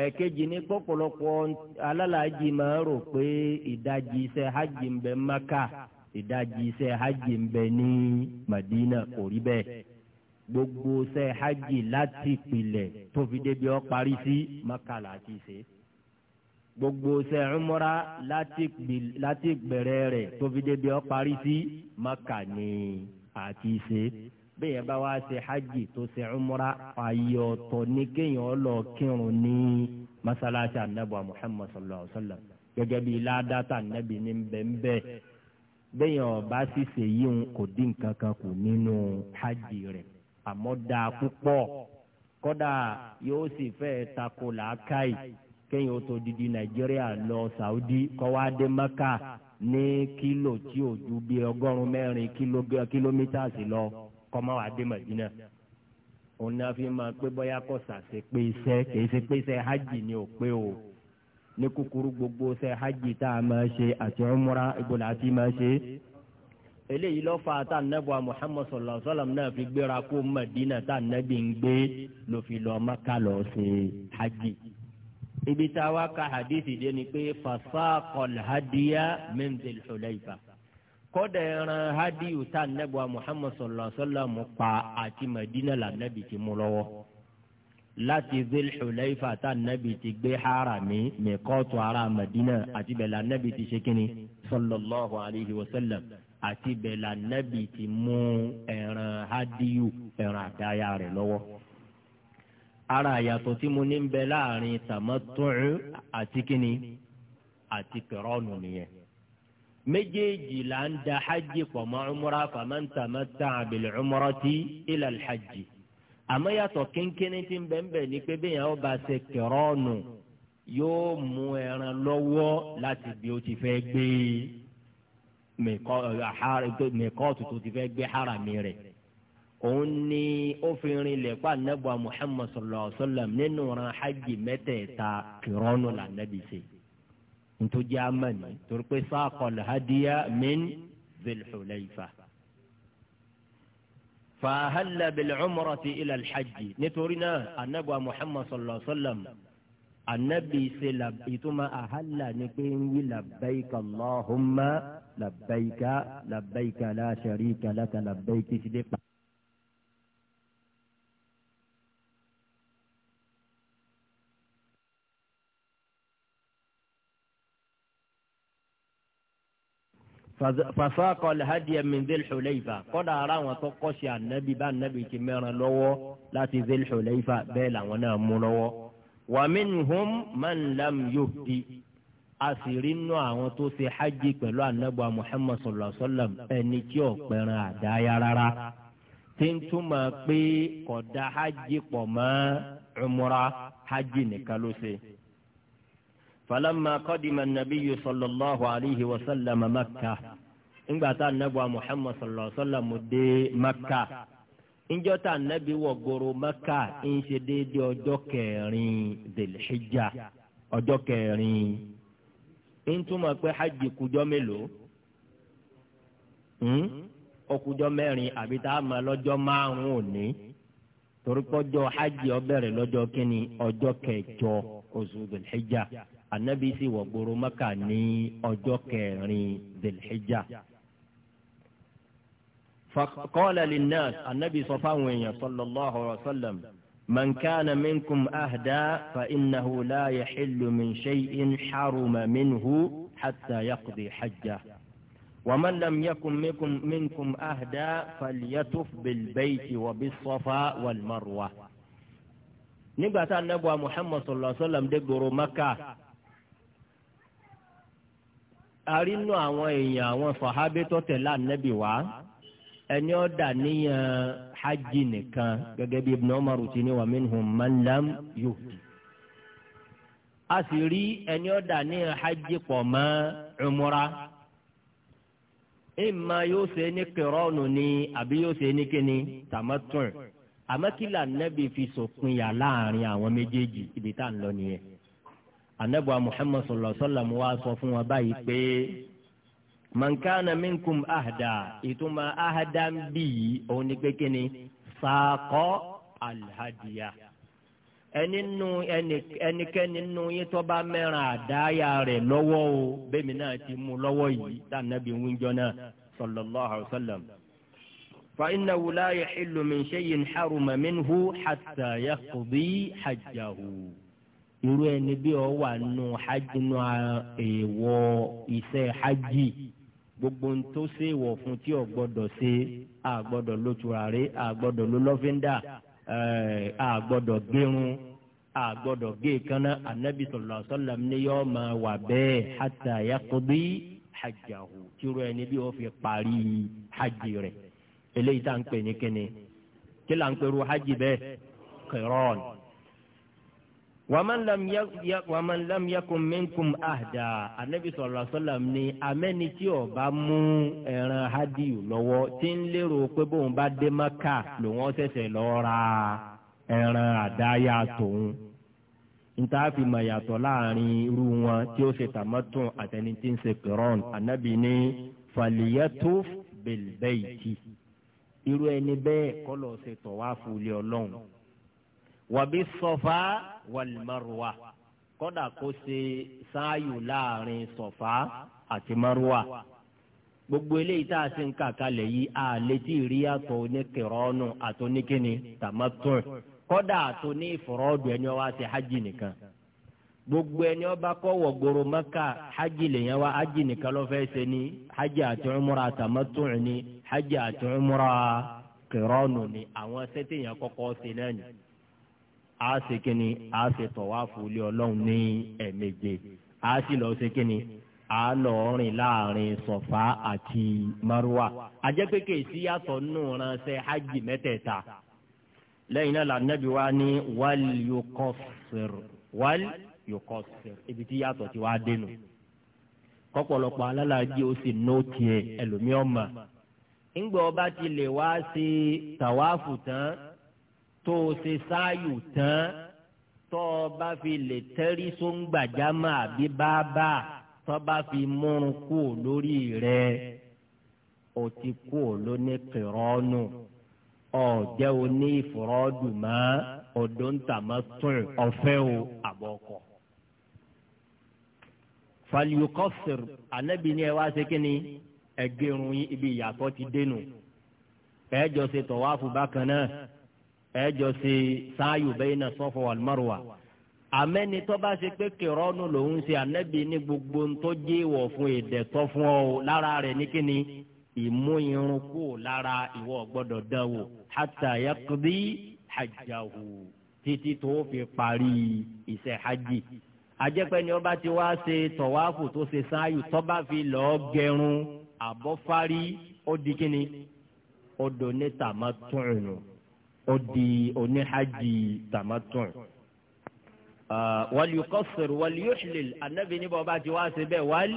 ẹ̀ẹ̀kejì ní pọ̀pọ̀lọpọ̀ alálàájì máa rò pé ìdajì iṣẹ́ hajj ń bẹ Maka ìdajì iṣẹ́ hajj ń bẹ ní Madina kò rí bẹ́ẹ̀ gbogbo ṣe hajj láti ìpìlẹ̀ tó fi débi ó parí sí Maka láti ṣe gbogbo ṣe umra láti ìbẹ̀rẹ̀ rẹ̀ tó fi débi ó parí sí Maka ní àti ṣe bẹ́ẹ̀ bá wá ṣe hajj tó ṣe umra ààyè ọ̀tọ̀ ní kéèyàn lọ kírun ní masalasi anabu Muhammad sallallahu alaihi wa sallam gẹ́gẹ́ bíi ládàtà anabi ní bẹ́ẹ̀ bẹ́ẹ̀ ọba ṣiṣẹ́ yìí kò dín kankan kù nínú hajj rẹ̀ àmọ́ dáa púpọ̀ kódà yóò sì fẹ́ tako làákàyè kéèyàn ó tó didi nàìjíríà lọ sàúdí kó wá dé mẹ́kà ní kílò tí ò ju bí ọgọ́rùn-ún mẹ́rin kìlómítàsì lọ kó má mẹ́dínà òun náà fi máa pé bóyá kò sàṣe pé iṣẹ́ kìí ṣe pé iṣẹ́ hajj ni ò pé o ní kúkúrú gbogbo iṣẹ́ hajj tá a máa ṣe àti umra ìgbòlá tí máa ṣe é eléyìí lọ́fà tá nẹ́bùà Muhammad sallallahu alaihi wasallam náà fi gbéra kó Madina tá nẹ́bì ń gbé ló fi lọ Maka lọ ṣe hajj. ibi tá a wá ka hadith dé ni pé fasaqal hadiya min Dhil Hulayfa kọ́dà ẹran hadiyu tá nẹ́bùà Muhammad sallallahu alaihi wasallam pa àti Madina là nẹ́bì ti mú lọ́wọ́ láti Dhil Hulayfa tá nẹ́bì ti gbé harami mẹ́kọ́tù ara Madina àti bẹ̀là nẹ́bì ti ṣe kínní sallallahu alaihi wasallam àti bẹ̀là nẹ́bì ti mú ẹ̀ràn hádìyù ẹ̀ràn àdáyà rẹ̀ lọ́wọ́. ara àyàtọ̀ tí mo ní ń bẹ láàrin tàmọ́tún àti kínní àti kẹrọ́ọ̀nù nìyẹn. méjèèjì là ń da hajj pọ̀ mọ́ umra faman tamatta'a bil umrati ila al hajj. àmọ́ yàtọ̀ kínkínní ti ń bẹ̀ ń pé bẹ́ẹ̀ yẹn bá ṣe kẹrọ́ọ̀nù yóò mú ẹran lọ́wọ́ láti bí ó ti fẹ́ gbé e mìkọ́ọ̀tù tó ti fẹ́ gbé harami rẹ̀ òun ni ó fi rinlẹ̀ pa anábọ̀ muhammad sallallahu alayhi wa sallam nínú ran hajj mẹ́tẹ̀ẹ̀ta kìrọ́nù là nábì ṣe ntòjì amani torí pé sáàkọ̀lù hadiya min zilhulayfa fàhálà bilcumrati ilà alhajji nítorí náà anábọ̀ muhammad sallallahu alayhi wa sallam anábì ìtumọ̀ àhálà ni pé ń wí labbaik allahumma. لبيك لبيك لا شريك لك لبيك صدق فساق الهدي من ذي الحليفة قد أرى يا النبي بان نبي كمير لو لا ذي الحليفة بلا ونام لو ومنهم من لم يهدي a sì rí nú àwọn tó ṣe hajj pẹ̀lú anábọ̀ muhammad sallallahu alayhi wa sallam ẹni tí ò pẹ̀ràn àdáyà rárá tí ń túmọ̀ pé kódà hajj pọ̀ mọ́ umra hajj nìkan ló ṣe. falamma qadima nabiyyu sallallahu alayhi wa sallam makkah ńgbà tá anábọ̀ muhammad sallallahu alayhi wa sallam dé makkah njọ́ anabi wọ goro maka ń ṣe déédéé kẹrin delhijja ọjọ́ kẹrin ń túmọ̀ pé hajj kújọ́ mélòó ọkùjọ́ hmm? mẹ́rin àbí tá a máa lọ́jọ́ márùn-ún òní torípọ́jọ́ hajj lọ́jọ́ kínní ọjọ́ kẹjọ oṣù anabi sì wọ̀ gbòòrò Mẹ́kà ní ọjọ́ kẹrin dhul anabi sọ fáwọn èèyàn من كان منكم أهدا فإنه لا يحل من شيء حرم منه حتى يقضي حجه ومن لم يكن منكم, منكم أهدا فليتف بالبيت وبالصفاء والمروة تعالى النبوة محمد صلى الله عليه وسلم دقر مكة أرين وإن يا وصحابة نبي النبي وإن يودى نيا hajj nìkan gẹ́gẹ́ bí ibn Umar ti ní wa minhum man lam yuhdi. a sì rí ẹni ọ̀dà ní hajj pọ̀ mọ́ umra ìmà yóò ṣe ní kẹrọ́ọ̀nù ni àbí yóò ṣe ní kíni tàmátùn àmọ́ kí lànàbì fi sòpin yà láàrin àwọn méjèèjì ibi tá à ń lọ nìyẹn. ànàbùwà Muhammad sallallahu alaihi wasallam wá sọ fún wa báyìí pé mankana minkum ahda ìtumọ̀ ahda ń bì yìí òun ni pé kí ni sàkọ́ alhadiya ẹni nu ẹnikẹ́ni nu yín tó bá mẹ́ràn àdáyà rẹ̀ lọ́wọ́ o bẹ́ẹ̀ mi náà ti mú lọ́wọ́ yìí tá nàbí náà sallallahu alayhi wa sallam. فإنه لا يحل من شيء حرم منه حتى يقضي حجه irú ẹni bí ọ wà nù hajj nù èèwọ̀ iṣẹ́ hajj gbogbo ń tó ṣe wọ̀ fún tí ò gbọ́dọ̀ ṣe a gbọ́dọ̀ ló turare a gbọ́dọ̀ ló lọ́fíńdà eh, a gbọ́dọ̀ gérun a gbọ́dọ̀ gé kaná anabi sallallahu alaihi wasallam ní yọ máa wà bẹ́ẹ̀ hatta yaqdi hajjahu tìrọ ẹni bí wọ́n fi parí hajj rẹ̀ eléyìí tá à ń pè ní kíni kí là ń pè hajj bẹ́ẹ̀ qiran wàmán lam yẹ wàmán lam yakun minkum ahda anabi sallallahu alaihi wasallam ni amẹni tí ó bá mú ẹran hadiyu lọ́wọ́ tí ń lérò pé bóun bá dé maka lòun ṣẹ̀ṣẹ̀ lọ ra ẹran àdáyà tòun nta fi mọ yàtọ̀ láàrin irú wọn tí ó ṣe tàmọtún àtẹni tí ń ṣe kìrọn anabi ni faliyatuf bilbayti irú ẹni bẹ́ẹ̀ kọlọ ṣe tọwáfù lé Ọlọ́run wàbí sọfà wàlmárùwà kọ́dà kó ṣe sáàyù láàrin sọfà àti márùwà gbogbo eléyìí tá a ṣe ń kà kalẹ̀ yìí a lè ti rí àtọ̀ oníkìrọ́nù àtọ̀ oníkíni tàmátọ̀ àtọ̀ ní ìfọ̀rọ̀dù ẹni wá ṣe hajj nìkan gbogbo ẹni ọba kọ wọ gbòòrò maka hajj lèyàn wa hajj nìkan ló fẹ́ ṣe ni hajj àti umra tàmátọ̀ ni hajj àti umra kìrọ́nù ni àwọn sẹ́tẹ̀yàn kọ́kọ́ ṣe náà ni a ṣe kíni a ṣe tọ̀wáfù ilé ọlọ́run ní ẹ̀ẹ̀méje a sì lọ ṣe kíni a lọ rìn láàrin sọ̀fà àti márùwà. àjẹpẹ́kẹ̀ ìsíyàtọ̀ nù ránṣẹ́ hajj mẹ́tẹ̀ẹ̀ta lẹ́yìn náà lànàbí wa ní wàl yukọ́sìr wàl yukọ́sìr ibi tí yàtọ̀ ti wá dénú kọ́pọ̀lọpọ̀ alálàájì ó sì nó tiẹ̀ ẹlòmíọ́mà ńgbọ́ ọba ti lè wá sí tàwáfù tán tó o ṣe sáàyù tán tó o bá fi lè tẹ́rí sóńgbàjámà àbí bábà tó bá fi múrun kú lórí rẹ o ti kú lóní kìrọ́nù ọ̀jẹ́ o ní ìfọ̀rọ̀dù mọ́ ọ̀dọ́ ń tà mọ́ tún ọ̀fẹ́ o àbọ̀kọ̀. falyuqassir anabi ni ẹ wá ṣe kí ni ẹgbẹ́rún ibi ìyàtọ̀ ti dénú ẹ̀ẹ́djọ́ ṣe tọ̀wáfù bákan náà ẹ jọ ṣe sáàyù bayna Safa wal Marwa àmẹ́ni tó bá ṣe pé kìrọ́nù lòún ṣe ànẹ́bí ní gbogbo tó jẹ́ ìwọ̀ fún ìdẹ̀tọ́ fún ọ lára rẹ̀ ní kíni ìmú irun kú lára ìwọ gbọ́dọ̀ dán wò hatta yaqdi hajjahu títí tó fi parí iṣẹ́ hajj ajẹ́pẹ́ ni ọba ti wá ṣe tọ̀wáfù tó ṣe sáàyù tó bá fi lọ́ọ́ gẹrun àbọ̀fárí ó di kíni ó do ní tàmátùnù ó di oníhàjì tàmátùn. wal yuqassir wal yuhlil anabi níbo bá ti wá sí bẹ́ẹ̀ wal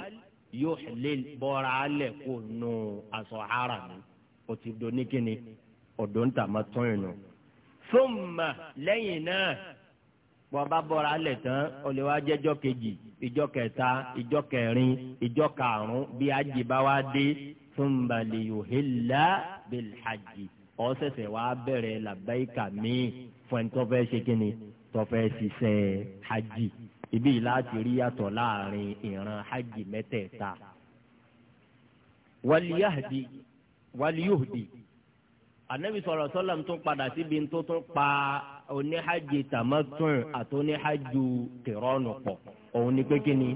yuhlil bọ́ra alẹ̀ kò nù aṣọ ara mi ó ti do ní kíni ọ̀dọ́ ń tàmátùn yìí nù. thumma lẹ́yìn náà bọ́n bá bọ́ra alẹ̀ tán ó lè wá jẹ́jọ́ kejì ìjọ kẹta ìjọ kẹrin ìjọ karùn-ún bí ajì bá wá dé thumma ọ ṣẹ̀ṣẹ̀ wá bẹ̀rẹ̀ làbáyíkà míì fún ẹni tó fẹ́ ṣe kí hajj ibi yìí láti rí yàtọ̀ láàrin ìran hajj mẹ́tẹ̀ẹ̀ta. wàlíyàhdi wàlíyòhdi anabi sọ̀rọ̀ sọ́làm tó padà síbi tó tún pa oníhajj tamatun àti oníhajj kìrọ́ọ̀nù pọ̀ òun ni pé kí ni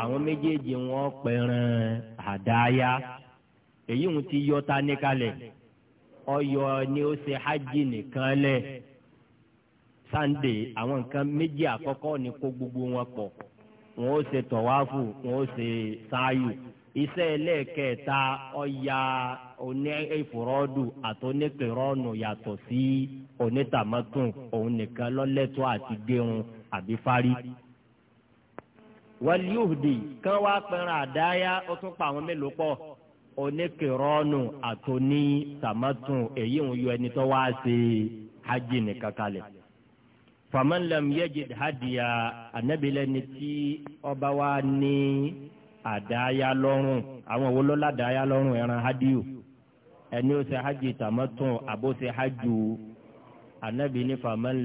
àwọn méjèèjì wọn pẹ̀ràn àdáyá èyí ń ti yọ ní kalẹ̀ ọyọ ni ó ṣe hajj nìkan lẹ sannde àwọn nǹkan méjì àkọ́kọ́ ni kó gbogbo wọn pọ̀ wọn ó ṣe tọ̀wáfù wọn ó ṣe sáyù iṣẹ́ ẹlẹ́ẹ̀kẹta ọya oní ìfòrọ́dù àtọ́nìkìrọ́ọ̀nù yàtọ̀ sí onítàmọ́tún òun nìkan lọ́lẹ́tọ́ àti gbẹ̀rún àbí fárí. wal yuhdi kán wá pẹran àdáyá ó tún pa àwọn mélòó pọ̀ oníkìrọ́nù àtòní tàmátùn èyí ń yọ ẹni tó wá sí hajj nìkan kalẹ̀. faman lam yajid hadiya anabilẹni tí ọba wa ní àdáyà lọ́rùn àwọn wo ló ládàáyà lọ́rùn ẹran hadiyu ẹni ó ṣe hajj tàmátùn àbó ṣe hajj anabi ní faman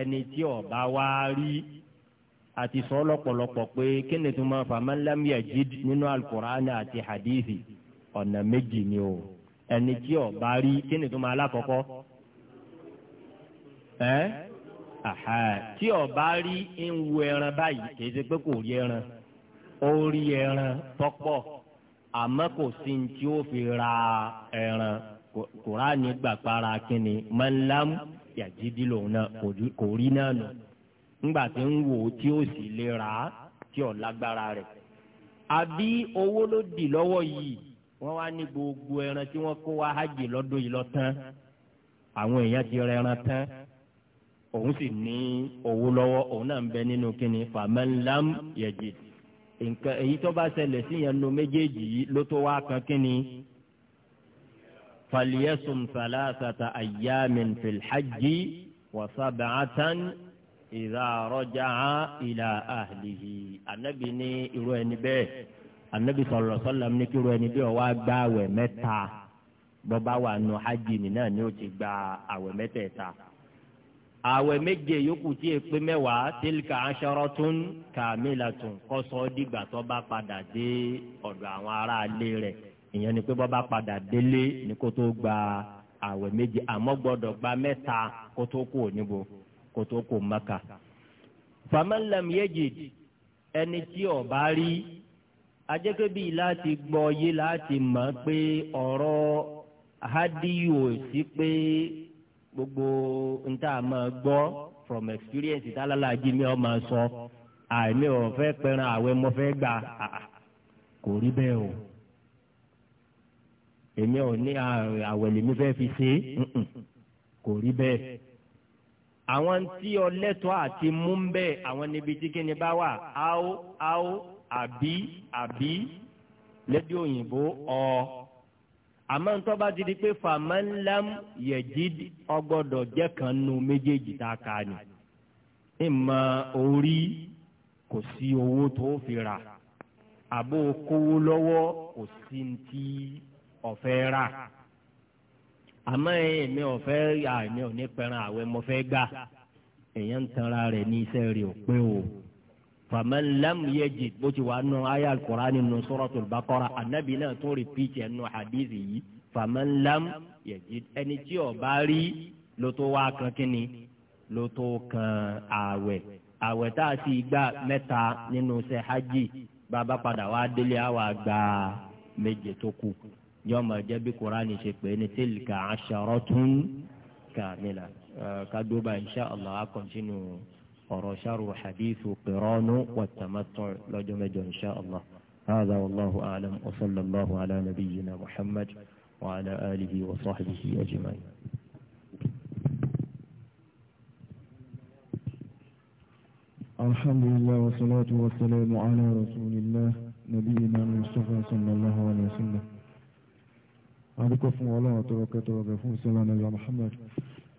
ẹni tí ọba wa rí àti sọ lọ́pọ̀lọpọ̀ pé kí ni tó máa fàmà lámìyà jíd nínú alukur'ani àti hadithi ọ̀nà méjì ni o ẹni tí ó bá rí kí ni tó máa lákọ̀ọ́kọ́ ẹ́ àhà tí ó bá rí ń wo ẹran báyìí kì í ṣe pé kò rí ẹran ó rí ẹran tọ́pọ̀ àmọ́ kò sí ní tí ó fi ra ẹran kur'ani gbàgbára kí ni mọ́ńlámù yàjídì lòun náà kò rí náà nù. No ńgbà tí ń wò ó tí ó sì lè rà á tí ò lágbára rẹ̀ àbí owó ló dì lọ́wọ́ yìí wọ́n wá ní gbogbo ẹran tí wọ́n kó wá hajj lọ́dún yìí lọ tán àwọn èèyàn ti rẹ ẹran tán òun sì ní owó lọ́wọ́ òun náà ń bẹ nínú kínní fàmẹ́ńlám yẹ̀jì nǹkan èyí tó bá ṣẹlẹ̀ sí yẹn nu méjèèjì yìí ló tó wá kan kínní fàlìyẹ́sùn sàlásàtà àyàmìn fìlhàjì wàsábàátán ìdá rọjà ìlà àhìlìhì ànábì ní irú ẹni bẹ́ẹ̀ ànábì sọ̀rọ̀ sọ́lá ní kí irú ẹni bẹ́ẹ̀ wá gba àwẹ̀ mẹ́ta bọ́bá wà nù hajj nìyẹn ni ó ti gba àwẹ̀ mẹ́tẹ̀ẹ̀ta àwẹ̀ méje yòókù tí èpè mẹ́wàá tílkà aṣọ́rọ́tún kàmílàtún kọ́sọ́ dìgbà tó bá padà dé ọ̀dọ̀ àwọn ará ilé rẹ̀ ìyẹn ni pé bọ́ padà délé ni kó tó gba àwẹ̀ méje àmọ́ gbọ́dọ̀ gba mẹ́ta kó tó kú òníbo kó tó kó maka. faman lam yajid ẹni tí ó bá rí ajẹ́kẹ́bí láti gbọ́ yé láti mọ̀ pé ọ̀rọ̀ hádìyù ò sí pé gbogbo nta máa gbọ́ from experience tálálàjì mi ọ máa sọ àìní ò fẹ́ pẹran àwẹ̀ mo fẹ́ gbà kò rí bẹ́ẹ̀ o èmi ò ní àwẹ̀ lèmi fẹ́ fi ṣe kò rí bẹ́ẹ̀ àwọn tí ọlẹ́tọ̀ àti mú ń bẹ́ àwọn níbi tí kíni bá wà áó áó àbí àbí lédè òyìnbó ọ àmọ́ ń tọ́ba ti di pé fàmánlám yẹ̀jid ọgbọ́dọ̀ jẹ́ kan nu méjèèjì tá a kà ní. ìmọ̀ orí kò sí owó tó fi rà àbó kówó lọ́wọ́ kò sí ti ọ̀fẹ́ rà àmọ́ èmi ò fẹ́ yà èmi ò ní pẹran àwẹ̀ mo fẹ́ gbà èèyàn ń tanra rẹ̀ ní iṣẹ́ rẹ̀ ò pé o faman lam yajid bó ti wà nù aya al-Qur'an nínú Suratul Baqara anabi náà tún rìpíìtì ẹnu hadith yìí faman lam yajid ẹni tí ò bá rí ló tó wá kan kínni ló tó kan àwẹ̀ àwẹ̀ tá a sì gbà mẹ́ta nínú iṣẹ́ bàbá padà wá délé àwa gba méje tó kù. yọmọ jẹ bí kuraani ṣe pé ní tilka asharatun kamila kadóba insha allah a kọ́ntínú ọ̀rọ̀ sharu hadithu qiranu wa tamattu lọ́jọ́ mẹ́jọ insha allah hadha wallahu a'lam wa sallallahu ala nabiyyina muhammad wa ala alihi wa sahbihi ajma'in. الحمد لله والصلاة والسلام على رسول الله نبينا المصطفى صلى الله عليه وسلم àdúgbò fún ọlọ́run tó rọ̀kẹ́ tó rọ̀kẹ́ fún ìṣẹ́lá nàìjíríà Muhammad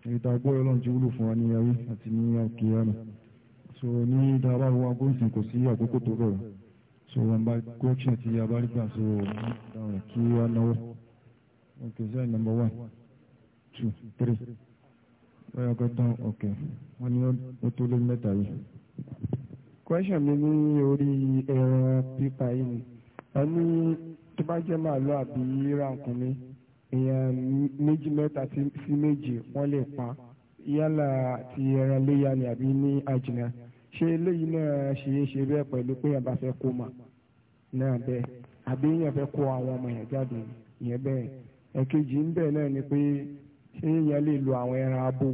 èyí ọlọ́run jí wúlò fún wa ní ayé àti ní àkíyàmù so ní dára wa gbóǹsì kò sí àkókò tó rọrùn so wọn bá gọ́ọ̀kṣẹ̀ tí a bá rí gbà so kí a náwó ok sẹ́yìn number one two three báyọ̀ kọ́ tán ok wọ́n ní ó tó lé mẹ́ta yìí. question mi ní orí ẹ̀rọ pípa yìí ẹni tó bá jẹ́ màálù àbí ránkùnmí èèyàn méjì mẹ́ta sí méjì wọ́n lè pa yálà ti ẹran léyà ni àbí ní àjìnà ṣé eléyìí náà ṣe é ṣe bẹ́ẹ̀ pẹ̀lú pé yẹn bá fẹ́ kó mà náà bẹ́ẹ̀ àbí yẹn fẹ́ kó àwọn ọmọ yẹn jáde yẹn bẹ́ẹ̀ ẹ̀kejì ń bẹ̀ náà ni pé ṣé yẹn lè lo àwọn ẹran abo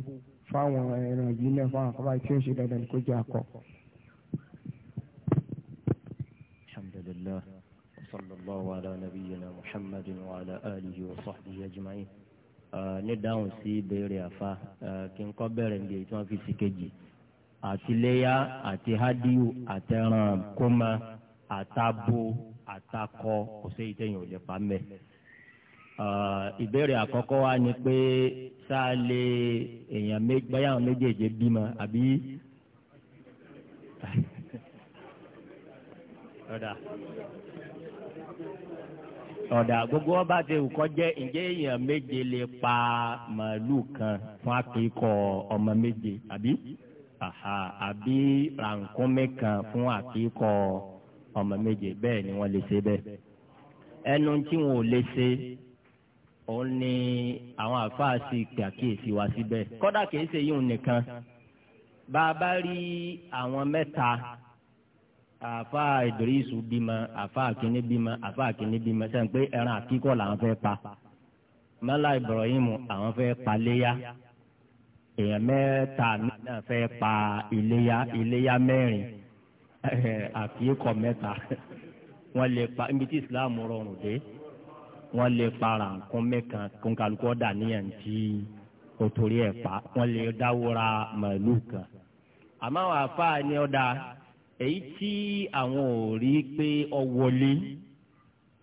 fáwọn ẹran yìí náà fáwọn àkọ́bá tí ó ṣe dandan kó jẹ́ akọ. alhamdulillah. وصلى الله على نبينا محمد وعلى آله وصحبه أجمعين ní dáhùn sí béèrè àfa kí n kọ́ bẹ̀rẹ̀ níbi tí wọ́n fi sí kejì àti léyà àti hádìú àtẹ̀ràn kọ́mà àtàbò àtakọ kò sí ìtẹ̀yìn òjò pa mẹ́. ìbéèrè àkọ́kọ́ wa ni pé sáà lè èèyàn báyà àwọn méjèèjì bímọ àbí ọ̀dà ọ̀dà gbogbo ọba ti wù kọjẹ́ ǹjẹ́ èèyàn méje lè pa màálù kan fún akíkọ ọmọ méje àbí àbí rànkúnmí kan fún akíkọ ọmọ méje bẹ́ẹ̀ ni wọ́n lè ṣe bẹ́ẹ̀. ẹnu tí wọn ò lè ṣe òun ni àwọn àáfàá sì kàkíyèsí wá síbẹ̀ kọ́dà kìí ṣe yíyún nìkan bá a bá rí àwọn mẹ́ta àfa ìdírísù bímọ àfa àkíní bímọ àfa àkíní bímọ sẹ́yìn pé ẹran àkíkọ́ làwọn fẹ́ pa mọ́lá Ibrahim àwọn fẹ́ pa léyà èèyàn mẹ́ta náà fẹ́ pa iléyà iléyà mẹ́rin àkíkọ́ mẹ́ta wọ́n lè pa ibi tí Islam rọrùn dé wọ́n lè para nǹkan mẹ́kan kó kálukú ọ̀dà níyàn tí o torí ẹ̀ pa wọ́n lè dáwọ́ra màálù kan àmọ́ àfa ni ọ̀dà èyí tí àwọn ò rí pé ọ wọlé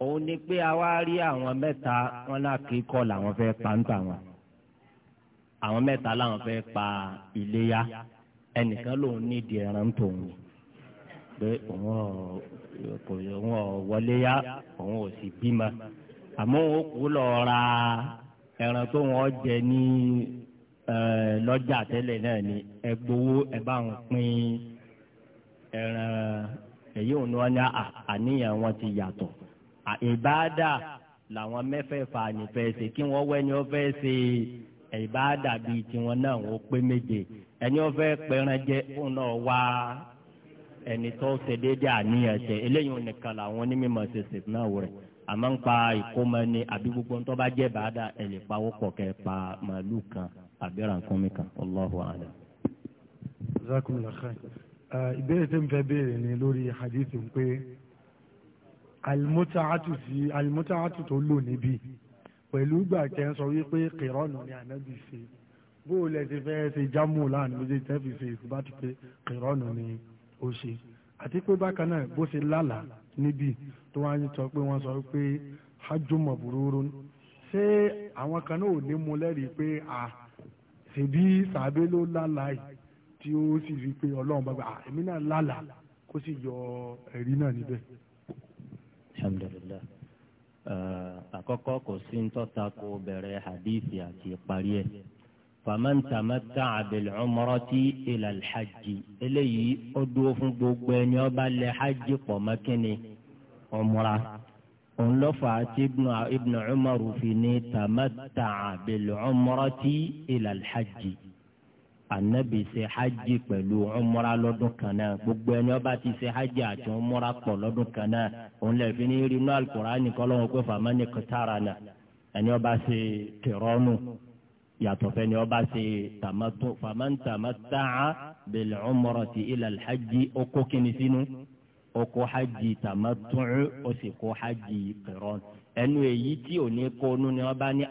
òun ni pé a wá rí àwọn mẹ́ta wọn náà kì í kọ́ làwọn fẹ́ pa ń tà wọn àwọn mẹ́ta làwọn fẹ́ pa iléyá ẹnìkan lòun nídìí ẹran tòun pé òun ò kò òun ò wọlé yá òun ò sì bímọ àmọ́ òun kú lọ ra ẹran tó wọn jẹ ní lọ́jà tẹ́lẹ̀ náà ni ẹ gbowó ẹ bá wọn pín in ẹran èyí ò ní wọn ní àníyàn wọn ti yàtọ̀ ìbáàdà làwọn mẹ́fẹ̀ẹ̀fà nífẹẹ ṣe kí wọn wẹ ni wọn fẹẹ ṣe ìbáàdà bíi tiwọn náà wọn pé méje ẹni wọn fẹẹ pẹran jẹ fún náà wá ẹni tó ṣe déédéé àníyàn ṣe eléyìí nìkan làwọn onímọ̀ ṣe ṣe náà wọ̀rẹ̀ àmọ́ ń pa ìkómọ ni àbí gbogbo ńtọ́ bá jẹ́ bàádà ẹ̀ lè pa wọ́pọ̀ kẹ́ pa màálù kan àbí rànkúnmí kan Allahu a'lam ìbéèrè tí n fẹ́ béèrè ni lórí hadith ń pé alimutaatu sí alimutaatu tó lò níbí pẹ̀lú ìgbà tẹ́ ń sọ wípé kìrọ́ọ̀nù ni ànábì ṣe bó o lẹ ti fẹ́ ṣe jámù láàánú méjì tẹ́ fi ṣe ìṣùbá ti pé kìrọ́ọ̀nù ni ó ṣe àti pé bákan náà bó ṣe lálà níbí tó wá ń sọ pé wọ́n sọ pé hajjú mabrúrú ṣé àwọn kan náà ò ní mú lẹ́rìí pé à ṣèbí sàbẹ́ ló lálàá yìí tí ó sì rí i pé ọlọ́run bàbá ah, èmi náà lálàá kó sì yọ ẹ̀rí náà níbẹ̀. alhamdulilayi uh, àkọ́kọ́ kò sí ń tọ́ta kó bẹ̀rẹ̀ hadithi àti parí ẹ̀ faman tamatta'a bil umrati ila al hajj eléyìí ó dúró fún gbogbo ẹni ó bá lẹ̀ hajj pọ̀ mọ́kínni umra òun ló fà á tí ibnu umaru fi ní tamatta'a bil umrati ila al anabi ṣe hajj pẹ̀lú umra lọ́dún kan náà gbogbo ẹni ó bá ti ṣe hajj àti umra pọ̀ lọ́dún kan náà òun lè fi ní irinu alukur'ani kọ́lọ́wọ́ pé fàmà ní kòtara náà ẹni ó bá ṣe tìrọ́nù yàtọ̀ fẹ́ ni ó bá ṣe tàmátó fàmà ń tàmátáà bil umrati ila alhajj okó kíni sínú okó hajj tàmátó ó sì hajj tìrọ́nù ẹnu èyí tí ò ní kó nu ni wọ́n bá ní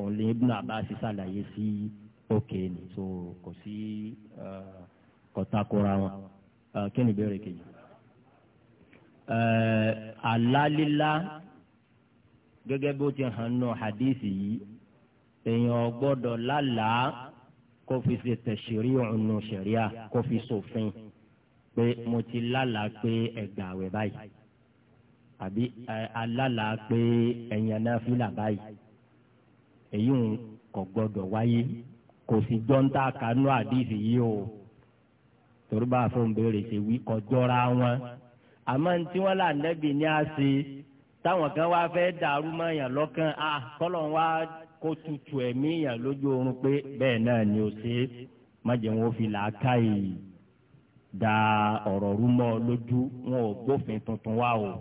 òun lè ibùnà bá ṣiṣàlàyé sí i okay ni so kò sí eh, kọ̀tàkùrà wọn eh, kí ni ìbéèrè kejì. Eh, àlálílá gẹ́gẹ́ bó ti hàn nù hadith yìí èèyàn gbọ́dọ̀ lálàá kó fi ṣe tẹ̀sírí ọ̀nà ṣẹ̀ríà kó fi ṣòfin pé mo ti lálàá pé ẹgbà àwẹ̀ báyìí àbí alálàá pé ẹ̀yàn náà fi là báyìí èyí ń kò gbọ́dọ̀ wáyé kò sì jọ ń ta kanú àdìsí yìí o torí bá a fún béèrè ṣe wí kọjọ́ra wọn àmọ́ ní tí wọ́n là nẹ́bì ní àṣẹ táwọn kan wá fẹ́ dàrú mọ́ yàn lọ́kàn á kọ́lọ̀ wá kó tutù ẹ̀mí yàn lójú oorun pé bẹ́ẹ̀ náà ni ó ṣe é májèwọ́n fi làákà yìí da ọ̀rọ̀ rúmọ́ lójú wọn ò gbófin tuntun wá o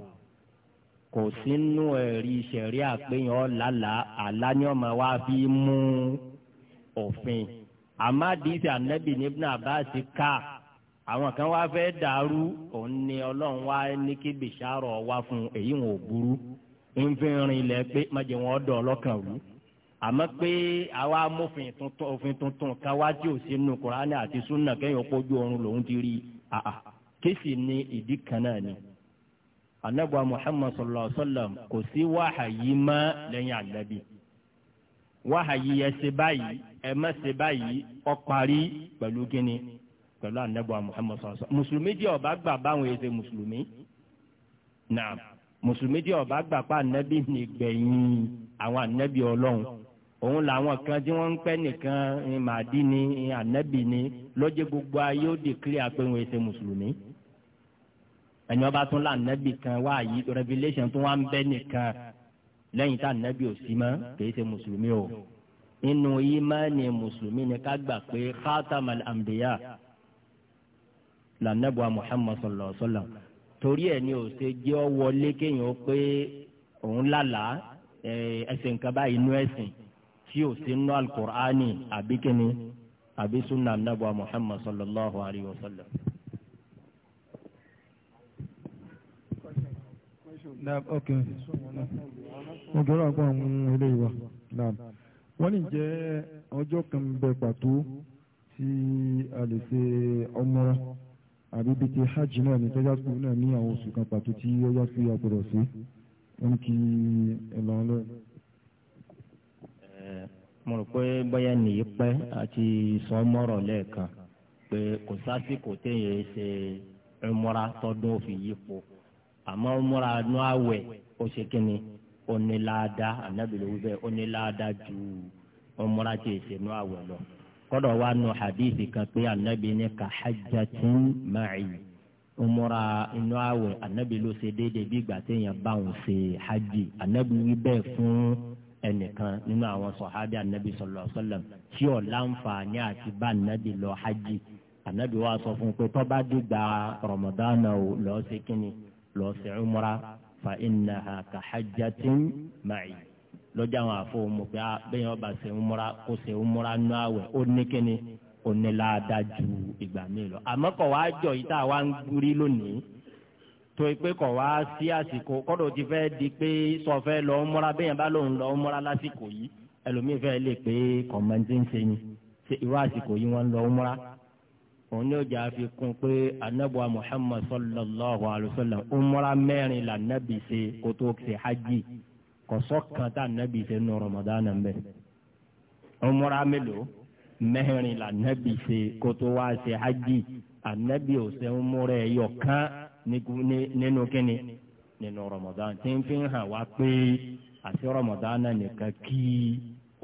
kò sínú ẹ̀rí ṣẹ̀rí àpéyàn ọ̀làlà àlá ni ọmọ wa fi mú un òfin àmàdìsí ànábì ní Ibn Abbas ká àwọn kan wá fẹ́ dàrú òun ni ọlọ́run wá ní kí bìsàrọ̀ wá fún èyí wọn ò burú ń fi rin ilẹ̀ pé májẹ̀ wọn dọ̀ ọlọ́kàn rú àmọ́ pé àwa amófin tuntun òfin tuntun kan wá tí ò sí nù Kùránì àti súnà kẹ́yìn ọ̀pọ̀jú oorun lòún ti rí àà kí sì ni ìdí kan náà ni. anábọ̀ Muhammad sallallahu alaihi wasallam kò sí wàhálà yìí mọ́ lẹ́yìn ànábì. Wahayi ẹ ṣe báyìí ẹ má ṣe báyìí ọ parí pẹ̀lú gíní pẹ̀lú anábọ̀ Muhammad sọ̀sọ̀ mùsùlùmí tí ọba gbà báwọn èsè mùsùlùmí náà mùsùlùmí tí ọba gbà pa anábì nìgbẹ̀yìn àwọn anábì ọlọ́run òun làwọn kan tí wọ́n ń pẹ́ nìkan màdí ni anábì ni lọ́jọ́ gbogbo ayé ó dìkírí àpéwọn èsè mùsùlùmí ẹ̀yin ọba tún là anábì kan wáyé revelation tún wá ń bẹ́ nìkan lẹ́yìn tá ànábì ò sí mọ́ kìí ṣe mùsùlùmí o nínú ìmánì mùsùlùmí ni ká gbà pé khatamal anbiya lànàbọ̀ muhammad sallallahu alaihi wasallam torí ẹ̀ ni ò ṣe jẹ́ ọ wọlé kéèyàn pé òun lálàá ẹsẹ̀ nǹkan báyìí inú ẹ̀sìn tí ò sí nú alukur'ani àbí kíni àbí sunna ànábì muhammad sallallahu alaihi mo jọrọ àwọn ilé ìwà wọ́n ní jẹ́ ọjọ́ kan bẹ pàtó tí a lè ṣe ọmọra àbí ti hajj náà ní tọ́jà sí náà ní àwọn oṣù kan pàtó tí ó yá sí àgbọ̀dọ̀ sí wọ́n kí ẹ̀lọ́n lọ. pé bóyá nìyí pẹ́ àti sọmọ́rọ̀ lẹ́ẹ̀kan pé kò àmọ́ múra nú àwẹ̀ ó ṣe kínni ó ní láàdá ànábì ló wí bẹ́ẹ̀ ó ní láàdá ju múra tí èsè nú àwẹ̀ lọ. kọ́dọ̀ wa nù hadith kan pé ànábì ní ka hajjatin ma'i múra inú àwẹ̀ ànábì ló ṣe déédéé bí ìgbà téèyàn bá òun ṣe hajj ànábì wí bẹ́ẹ̀ fún ẹnìkan nínú àwọn sọ̀hábí ànábì sallallahu alaihi tí ò láǹfààní àti bá ànábì lọ hajj ànábì wa sọ fún un pé tó dìgbà Ramadan o lọ́ọ́ ṣe kínni lọ sí umra fa innaha ka hajjatin ma'i lọ́jà àwọn àfọ mo pé ah, bẹ́ẹ̀ yẹn ọba ṣe umra kó ṣe umra nú àwẹ̀ ó ní kíni ó ní láadáa ju ìgbà mi lọ àmọ́ kọ̀ wá jọ yìí tá a wá ń gúrí lónìí tó yìí pé kọ̀ wá sí àsìkò kọ́dọ̀ ti fẹ́ di pé sọ̀fẹ́ lọ umra bẹ́ẹ̀ yẹn bá lòun lọ umra lásìkò yìí ẹlòmíì fẹ́ lè pé kọ̀mọ́ntì ń ṣe ni ṣe irú àsìkò yìí wọ́n lọ umra òun ní ọjà fi kún pé anabuwa muhammad sallallahu alayhi wa sallam umra mẹ́rin la nabi ṣe kó tó ṣe hajj kọsọ kan tá nabi ṣe nù ramadana mbẹ umra mélòó mẹ́rin la nabi ṣe kó tó wá ṣe hajj anabi ò ṣe umra ẹyọ kan nínú kíni nínú ramadana tí hàn wá pé àti ramadana nìkan kí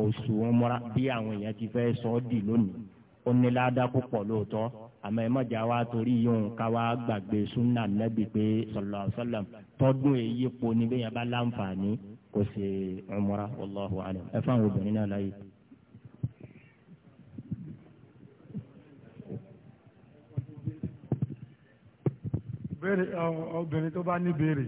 oṣù umra bí àwọn èèyàn ti fẹ́ sọ ọ́ di lónìí ó ní ládá púpọ̀ lóòótọ́ àmọ́ ẹ mọ̀jà wa torí yóò ká wa gbàgbé súnà nẹ́bí pé sọlọ sọlọ tọ́dún èyí po ni bẹ́ẹ̀ yẹn bá láǹfààní kò sí umrah wallahu alam ẹ fáwọn obìnrin náà láàyè. obìnrin tó bá ní béèrè.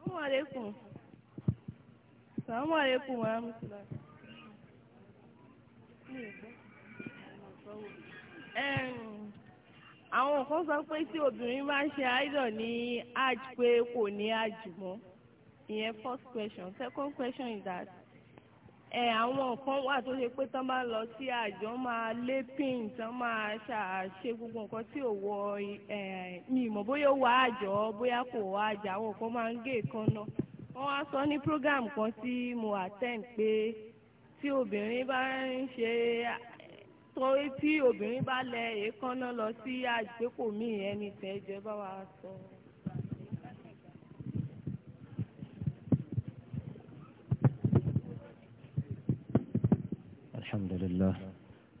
Assalamu alaikum. Assalamu alaikum wa rahmatullahi. Àwọn kan sọ pé tí obìnrin bá ń ṣe idol ní hajj pé kò ní hajj mọ́. Ìyẹn first question. Second question is that ẹ àwọn kan wà tó ṣe pé tán bá lọ sí àjọ máa lé pin tán máa ṣàṣe gbogbo nǹkan tí ò wọ mi mọ̀ bóyá ó wà àjọ bóyá kò wà àjọ àwọn kan máa ń gé kan náà wọ́n wá sọ ní program kan tí mo attend pé tí obìnrin bá ń ṣe torí tí obìnrin bá lẹ èékánná lọ sí àgbékò míì ẹni tẹ́ jẹ́ bá wa sọ. So. الحمد لله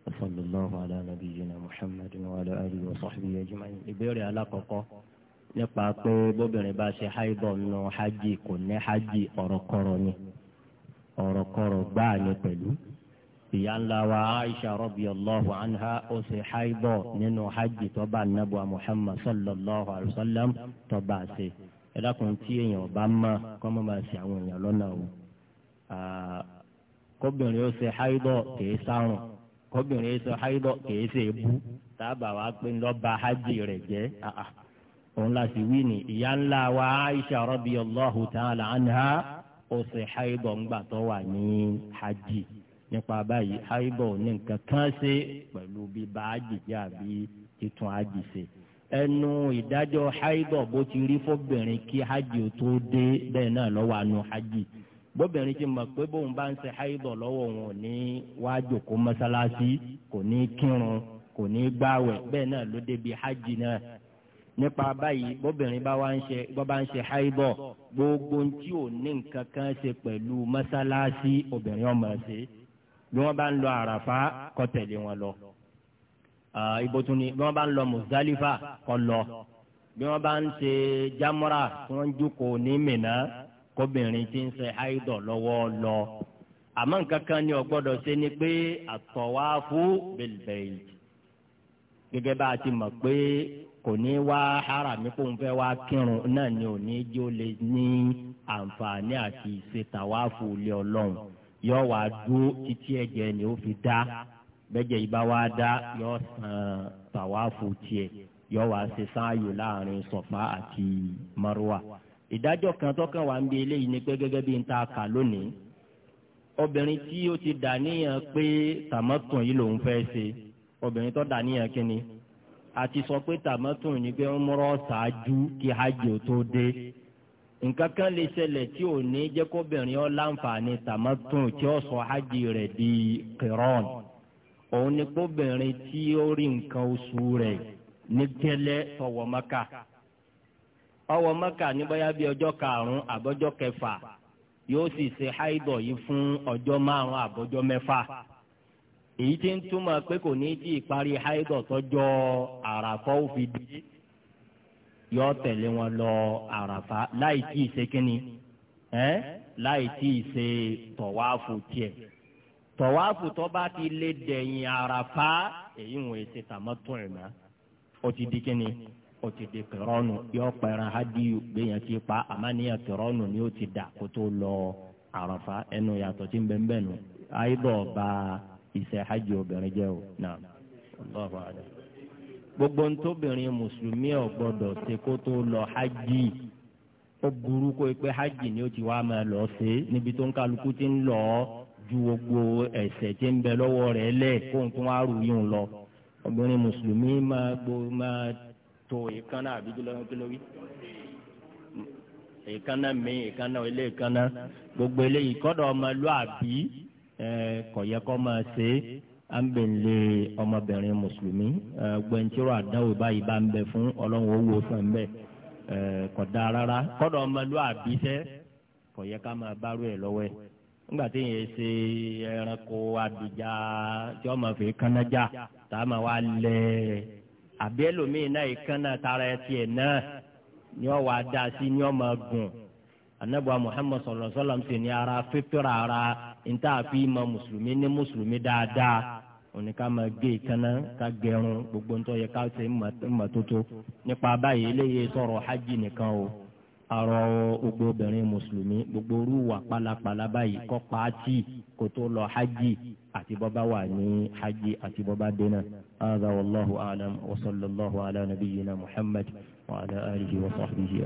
وصلى الله على نبينا محمد وعلى آله وصحبه أجمعين ìbéèrè alákọ̀ọ́kọ́ nípa pé bóbìnrin bá ṣe háìbọ̀ nù hajj kò ní hajj ọ̀rọ̀kọ̀rọ̀ ni ọ̀rọ̀kọ̀rọ̀ gbáà ni pẹ̀lú ìyá ńlá wa aisha radiyallahu anha ó ṣe háìbọ̀ nínú hajj tọ́ba nabuwa muhammad sallallahu alayhi wa sallam tọ́ba ṣe ẹ̀dá kan tí èèyàn bá mọ̀ kọ́ mọ́ máa ṣe àwọn èèyàn lọ́nà o. kóbìnrin ó ṣe háídọ̀ kìí sárùn kóbìnrin ó ṣe háídọ̀ kìí ṣe ebú sábà wá pé ńlọ́ba hajj rẹ̀ jẹ́ òun la wí ni ìyá ńlá wa Aisha radiyallahu ta'ala anha ó ṣe háídọ̀ ńgbà tó wà ní hajj nípa báyìí háídọ̀ ní nǹkan kan ṣe hajj àbí títún hajj ṣe ẹnu bó ti hajj tó dé bẹ́ẹ̀ náà hajj. bóbìnrin ti mọ̀ pé bóun bá ń ṣe háìdọ̀ lọ́wọ́ òun ò ní wá jòkó mọ́sálásí kò ní kírun kò ní gbàwẹ̀ bẹ́ẹ̀ náà ló débi hajj náà nípa báyìí bóbìnrin bá wá ń ṣe bó bá ń ṣe háìdọ̀ gbogbo tí ò ní nǹkan kan ṣe pẹ̀lú mọ́sálásí obìnrin ọmọ ṣe bí wọ́n bá ń lọ àràfá kó tẹ̀lé wọn lọ ibo tún ni bí wọ́n bá ń lọ mùsálífà kó lọ bí wọ́n bá ń ṣe jámọ́ra tí wọ́n jókòó ní mìíràn kóbìnrin ti ń ṣe háìdọ̀ lọ́wọ́ lọ àmọ́ nǹkan kan ni ó ṣe ni pé àtọ̀wáfú bilbayt gẹ́gẹ́ bá a ti mọ̀ pé kò ní wá harami kó ń fẹ́ wá kírun náà ni ò ní jó lè ní àǹfààní àti ìṣètàwáfù ilé ọlọ́run yóò wá titi títí ẹ̀jẹ̀ ni ó fi dá bẹ́jẹ̀ ìbá wá dá yóò san tàwáfù tiẹ̀ wá ṣe sáàyò láàrin sọ̀fà àti ìdájọ́ kan tọ́kàn wà ń bi eléyìí ni pé gẹ́gẹ́ bí n ta kà lónìí obìnrin tí ó ti dà níyàn pé tàmọ́tùn yìí lòun fẹ́ ṣe obìnrin tó dà níyàn kínni àti sọ pé tàmọ́tùn ni pé ń mọ́rọ́ ṣáájú kí hajj ò tó dé nǹkan kan lè ṣẹlẹ̀ tí ò ní jẹ́ kóbìnrin ọ láǹfààní tàmọ́tùn tí ó sọ hajj rẹ̀ di kìrọ́ọ̀n òun ni kóbìnrin tí ó rí nǹkan oṣù rẹ̀ ní tẹ́lẹ̀ tọwọ́ mọ́ká. Ọwọ maka ní bóyá bí ọjọ karùn-ún kẹfà yóò sì ṣe háìdọ̀ yìí fún ọjọ márùn-ún àbọ́jọ́ èyí tí ń túmọ̀ pé kò ní tí ìparí háìdọ̀ tọjọ fi di yọ tẹ̀lé wọn lọ àràfà láì tí ì láì tí ì ṣe tọ̀wáàfù tiẹ̀ ti lé dẹ̀yìn àràfà èyí ń tàmọ́tò ti di ó ti di kẹrọ́nù yọ pẹ̀rẹ̀ ha gbẹ̀yàn pa àmàníyàn kẹrọ́nù ni ó ti dà kó tó lọ àràfà ẹnu yàtọ̀ tí ń bẹ́ẹ̀ bẹ́ẹ̀ nù àìbọ̀ ba iṣẹ́ hajj obìnrin jẹ́ o náà lọ́wọ́ àdá. gbogbo ntóbìnrin mùsùlùmí ò gbọ́dọ̀ ṣe kó tó lọ hajj ó pé hajj ni ó ti wá máa lọ ṣe níbi tó lọ ju gbogbo tí ń bẹ lọ́wọ́ rẹ̀ wá yín lọ obìnrin mùsùlùmí máa gbó máa tó èékánná àbí kílódé kílódé èékánná mi èékánná ilé èékánná gbogbo eléyìí kọ́dọ̀ ọmọlúàbí kọ̀yẹ́ kọ́ máa ṣe é à ń bẹ̀ lé ọmọbìnrin mùsùlùmí gbẹ̀ntìrọ̀ àdáwò báyìí bá ń bẹ fún ọlọ́run owó fún bẹ́ẹ̀ kọ̀dá rárá kọ́dọ̀ ọmọlúàbí sẹ́ kọ̀yẹ́ ká máa bárò ẹ̀ lọ́wọ́ ẹ̀ nígbà tí yẹn ṣe ẹranko adìjà tí ọmọ fèé kánájà tá a máa wá lẹ́ẹ̀ àbí ẹlòmíì náà ìkànnà tara ẹ tiẹ̀ náà ni ọ wà dá sí ni ọ máa gùn anabuwa muhammad sallallahu alaihi wa sallam ni ara fífúra ara níta fi ma mùsùlùmí ní mùsùlùmí dáadáa òní ká máa gé ìkànnà ká gẹrun gbogbo ntọ́ yẹ ká ṣe mọ́tótó nípa báyìí eléyìí sọ̀rọ̀ hajj nìkan o àrọ gbogbo obìnrin mùsùlùmí gbogbo orú wà pálapàla báyìí kọ́ pàátì kó tó lọ hajj àti bọ́bá wà ní hajj àti bọ́bá dena hadha wallahu a'lam wa sallallahu ala nabiyyina muhammad wa ala alihi wa sahbihi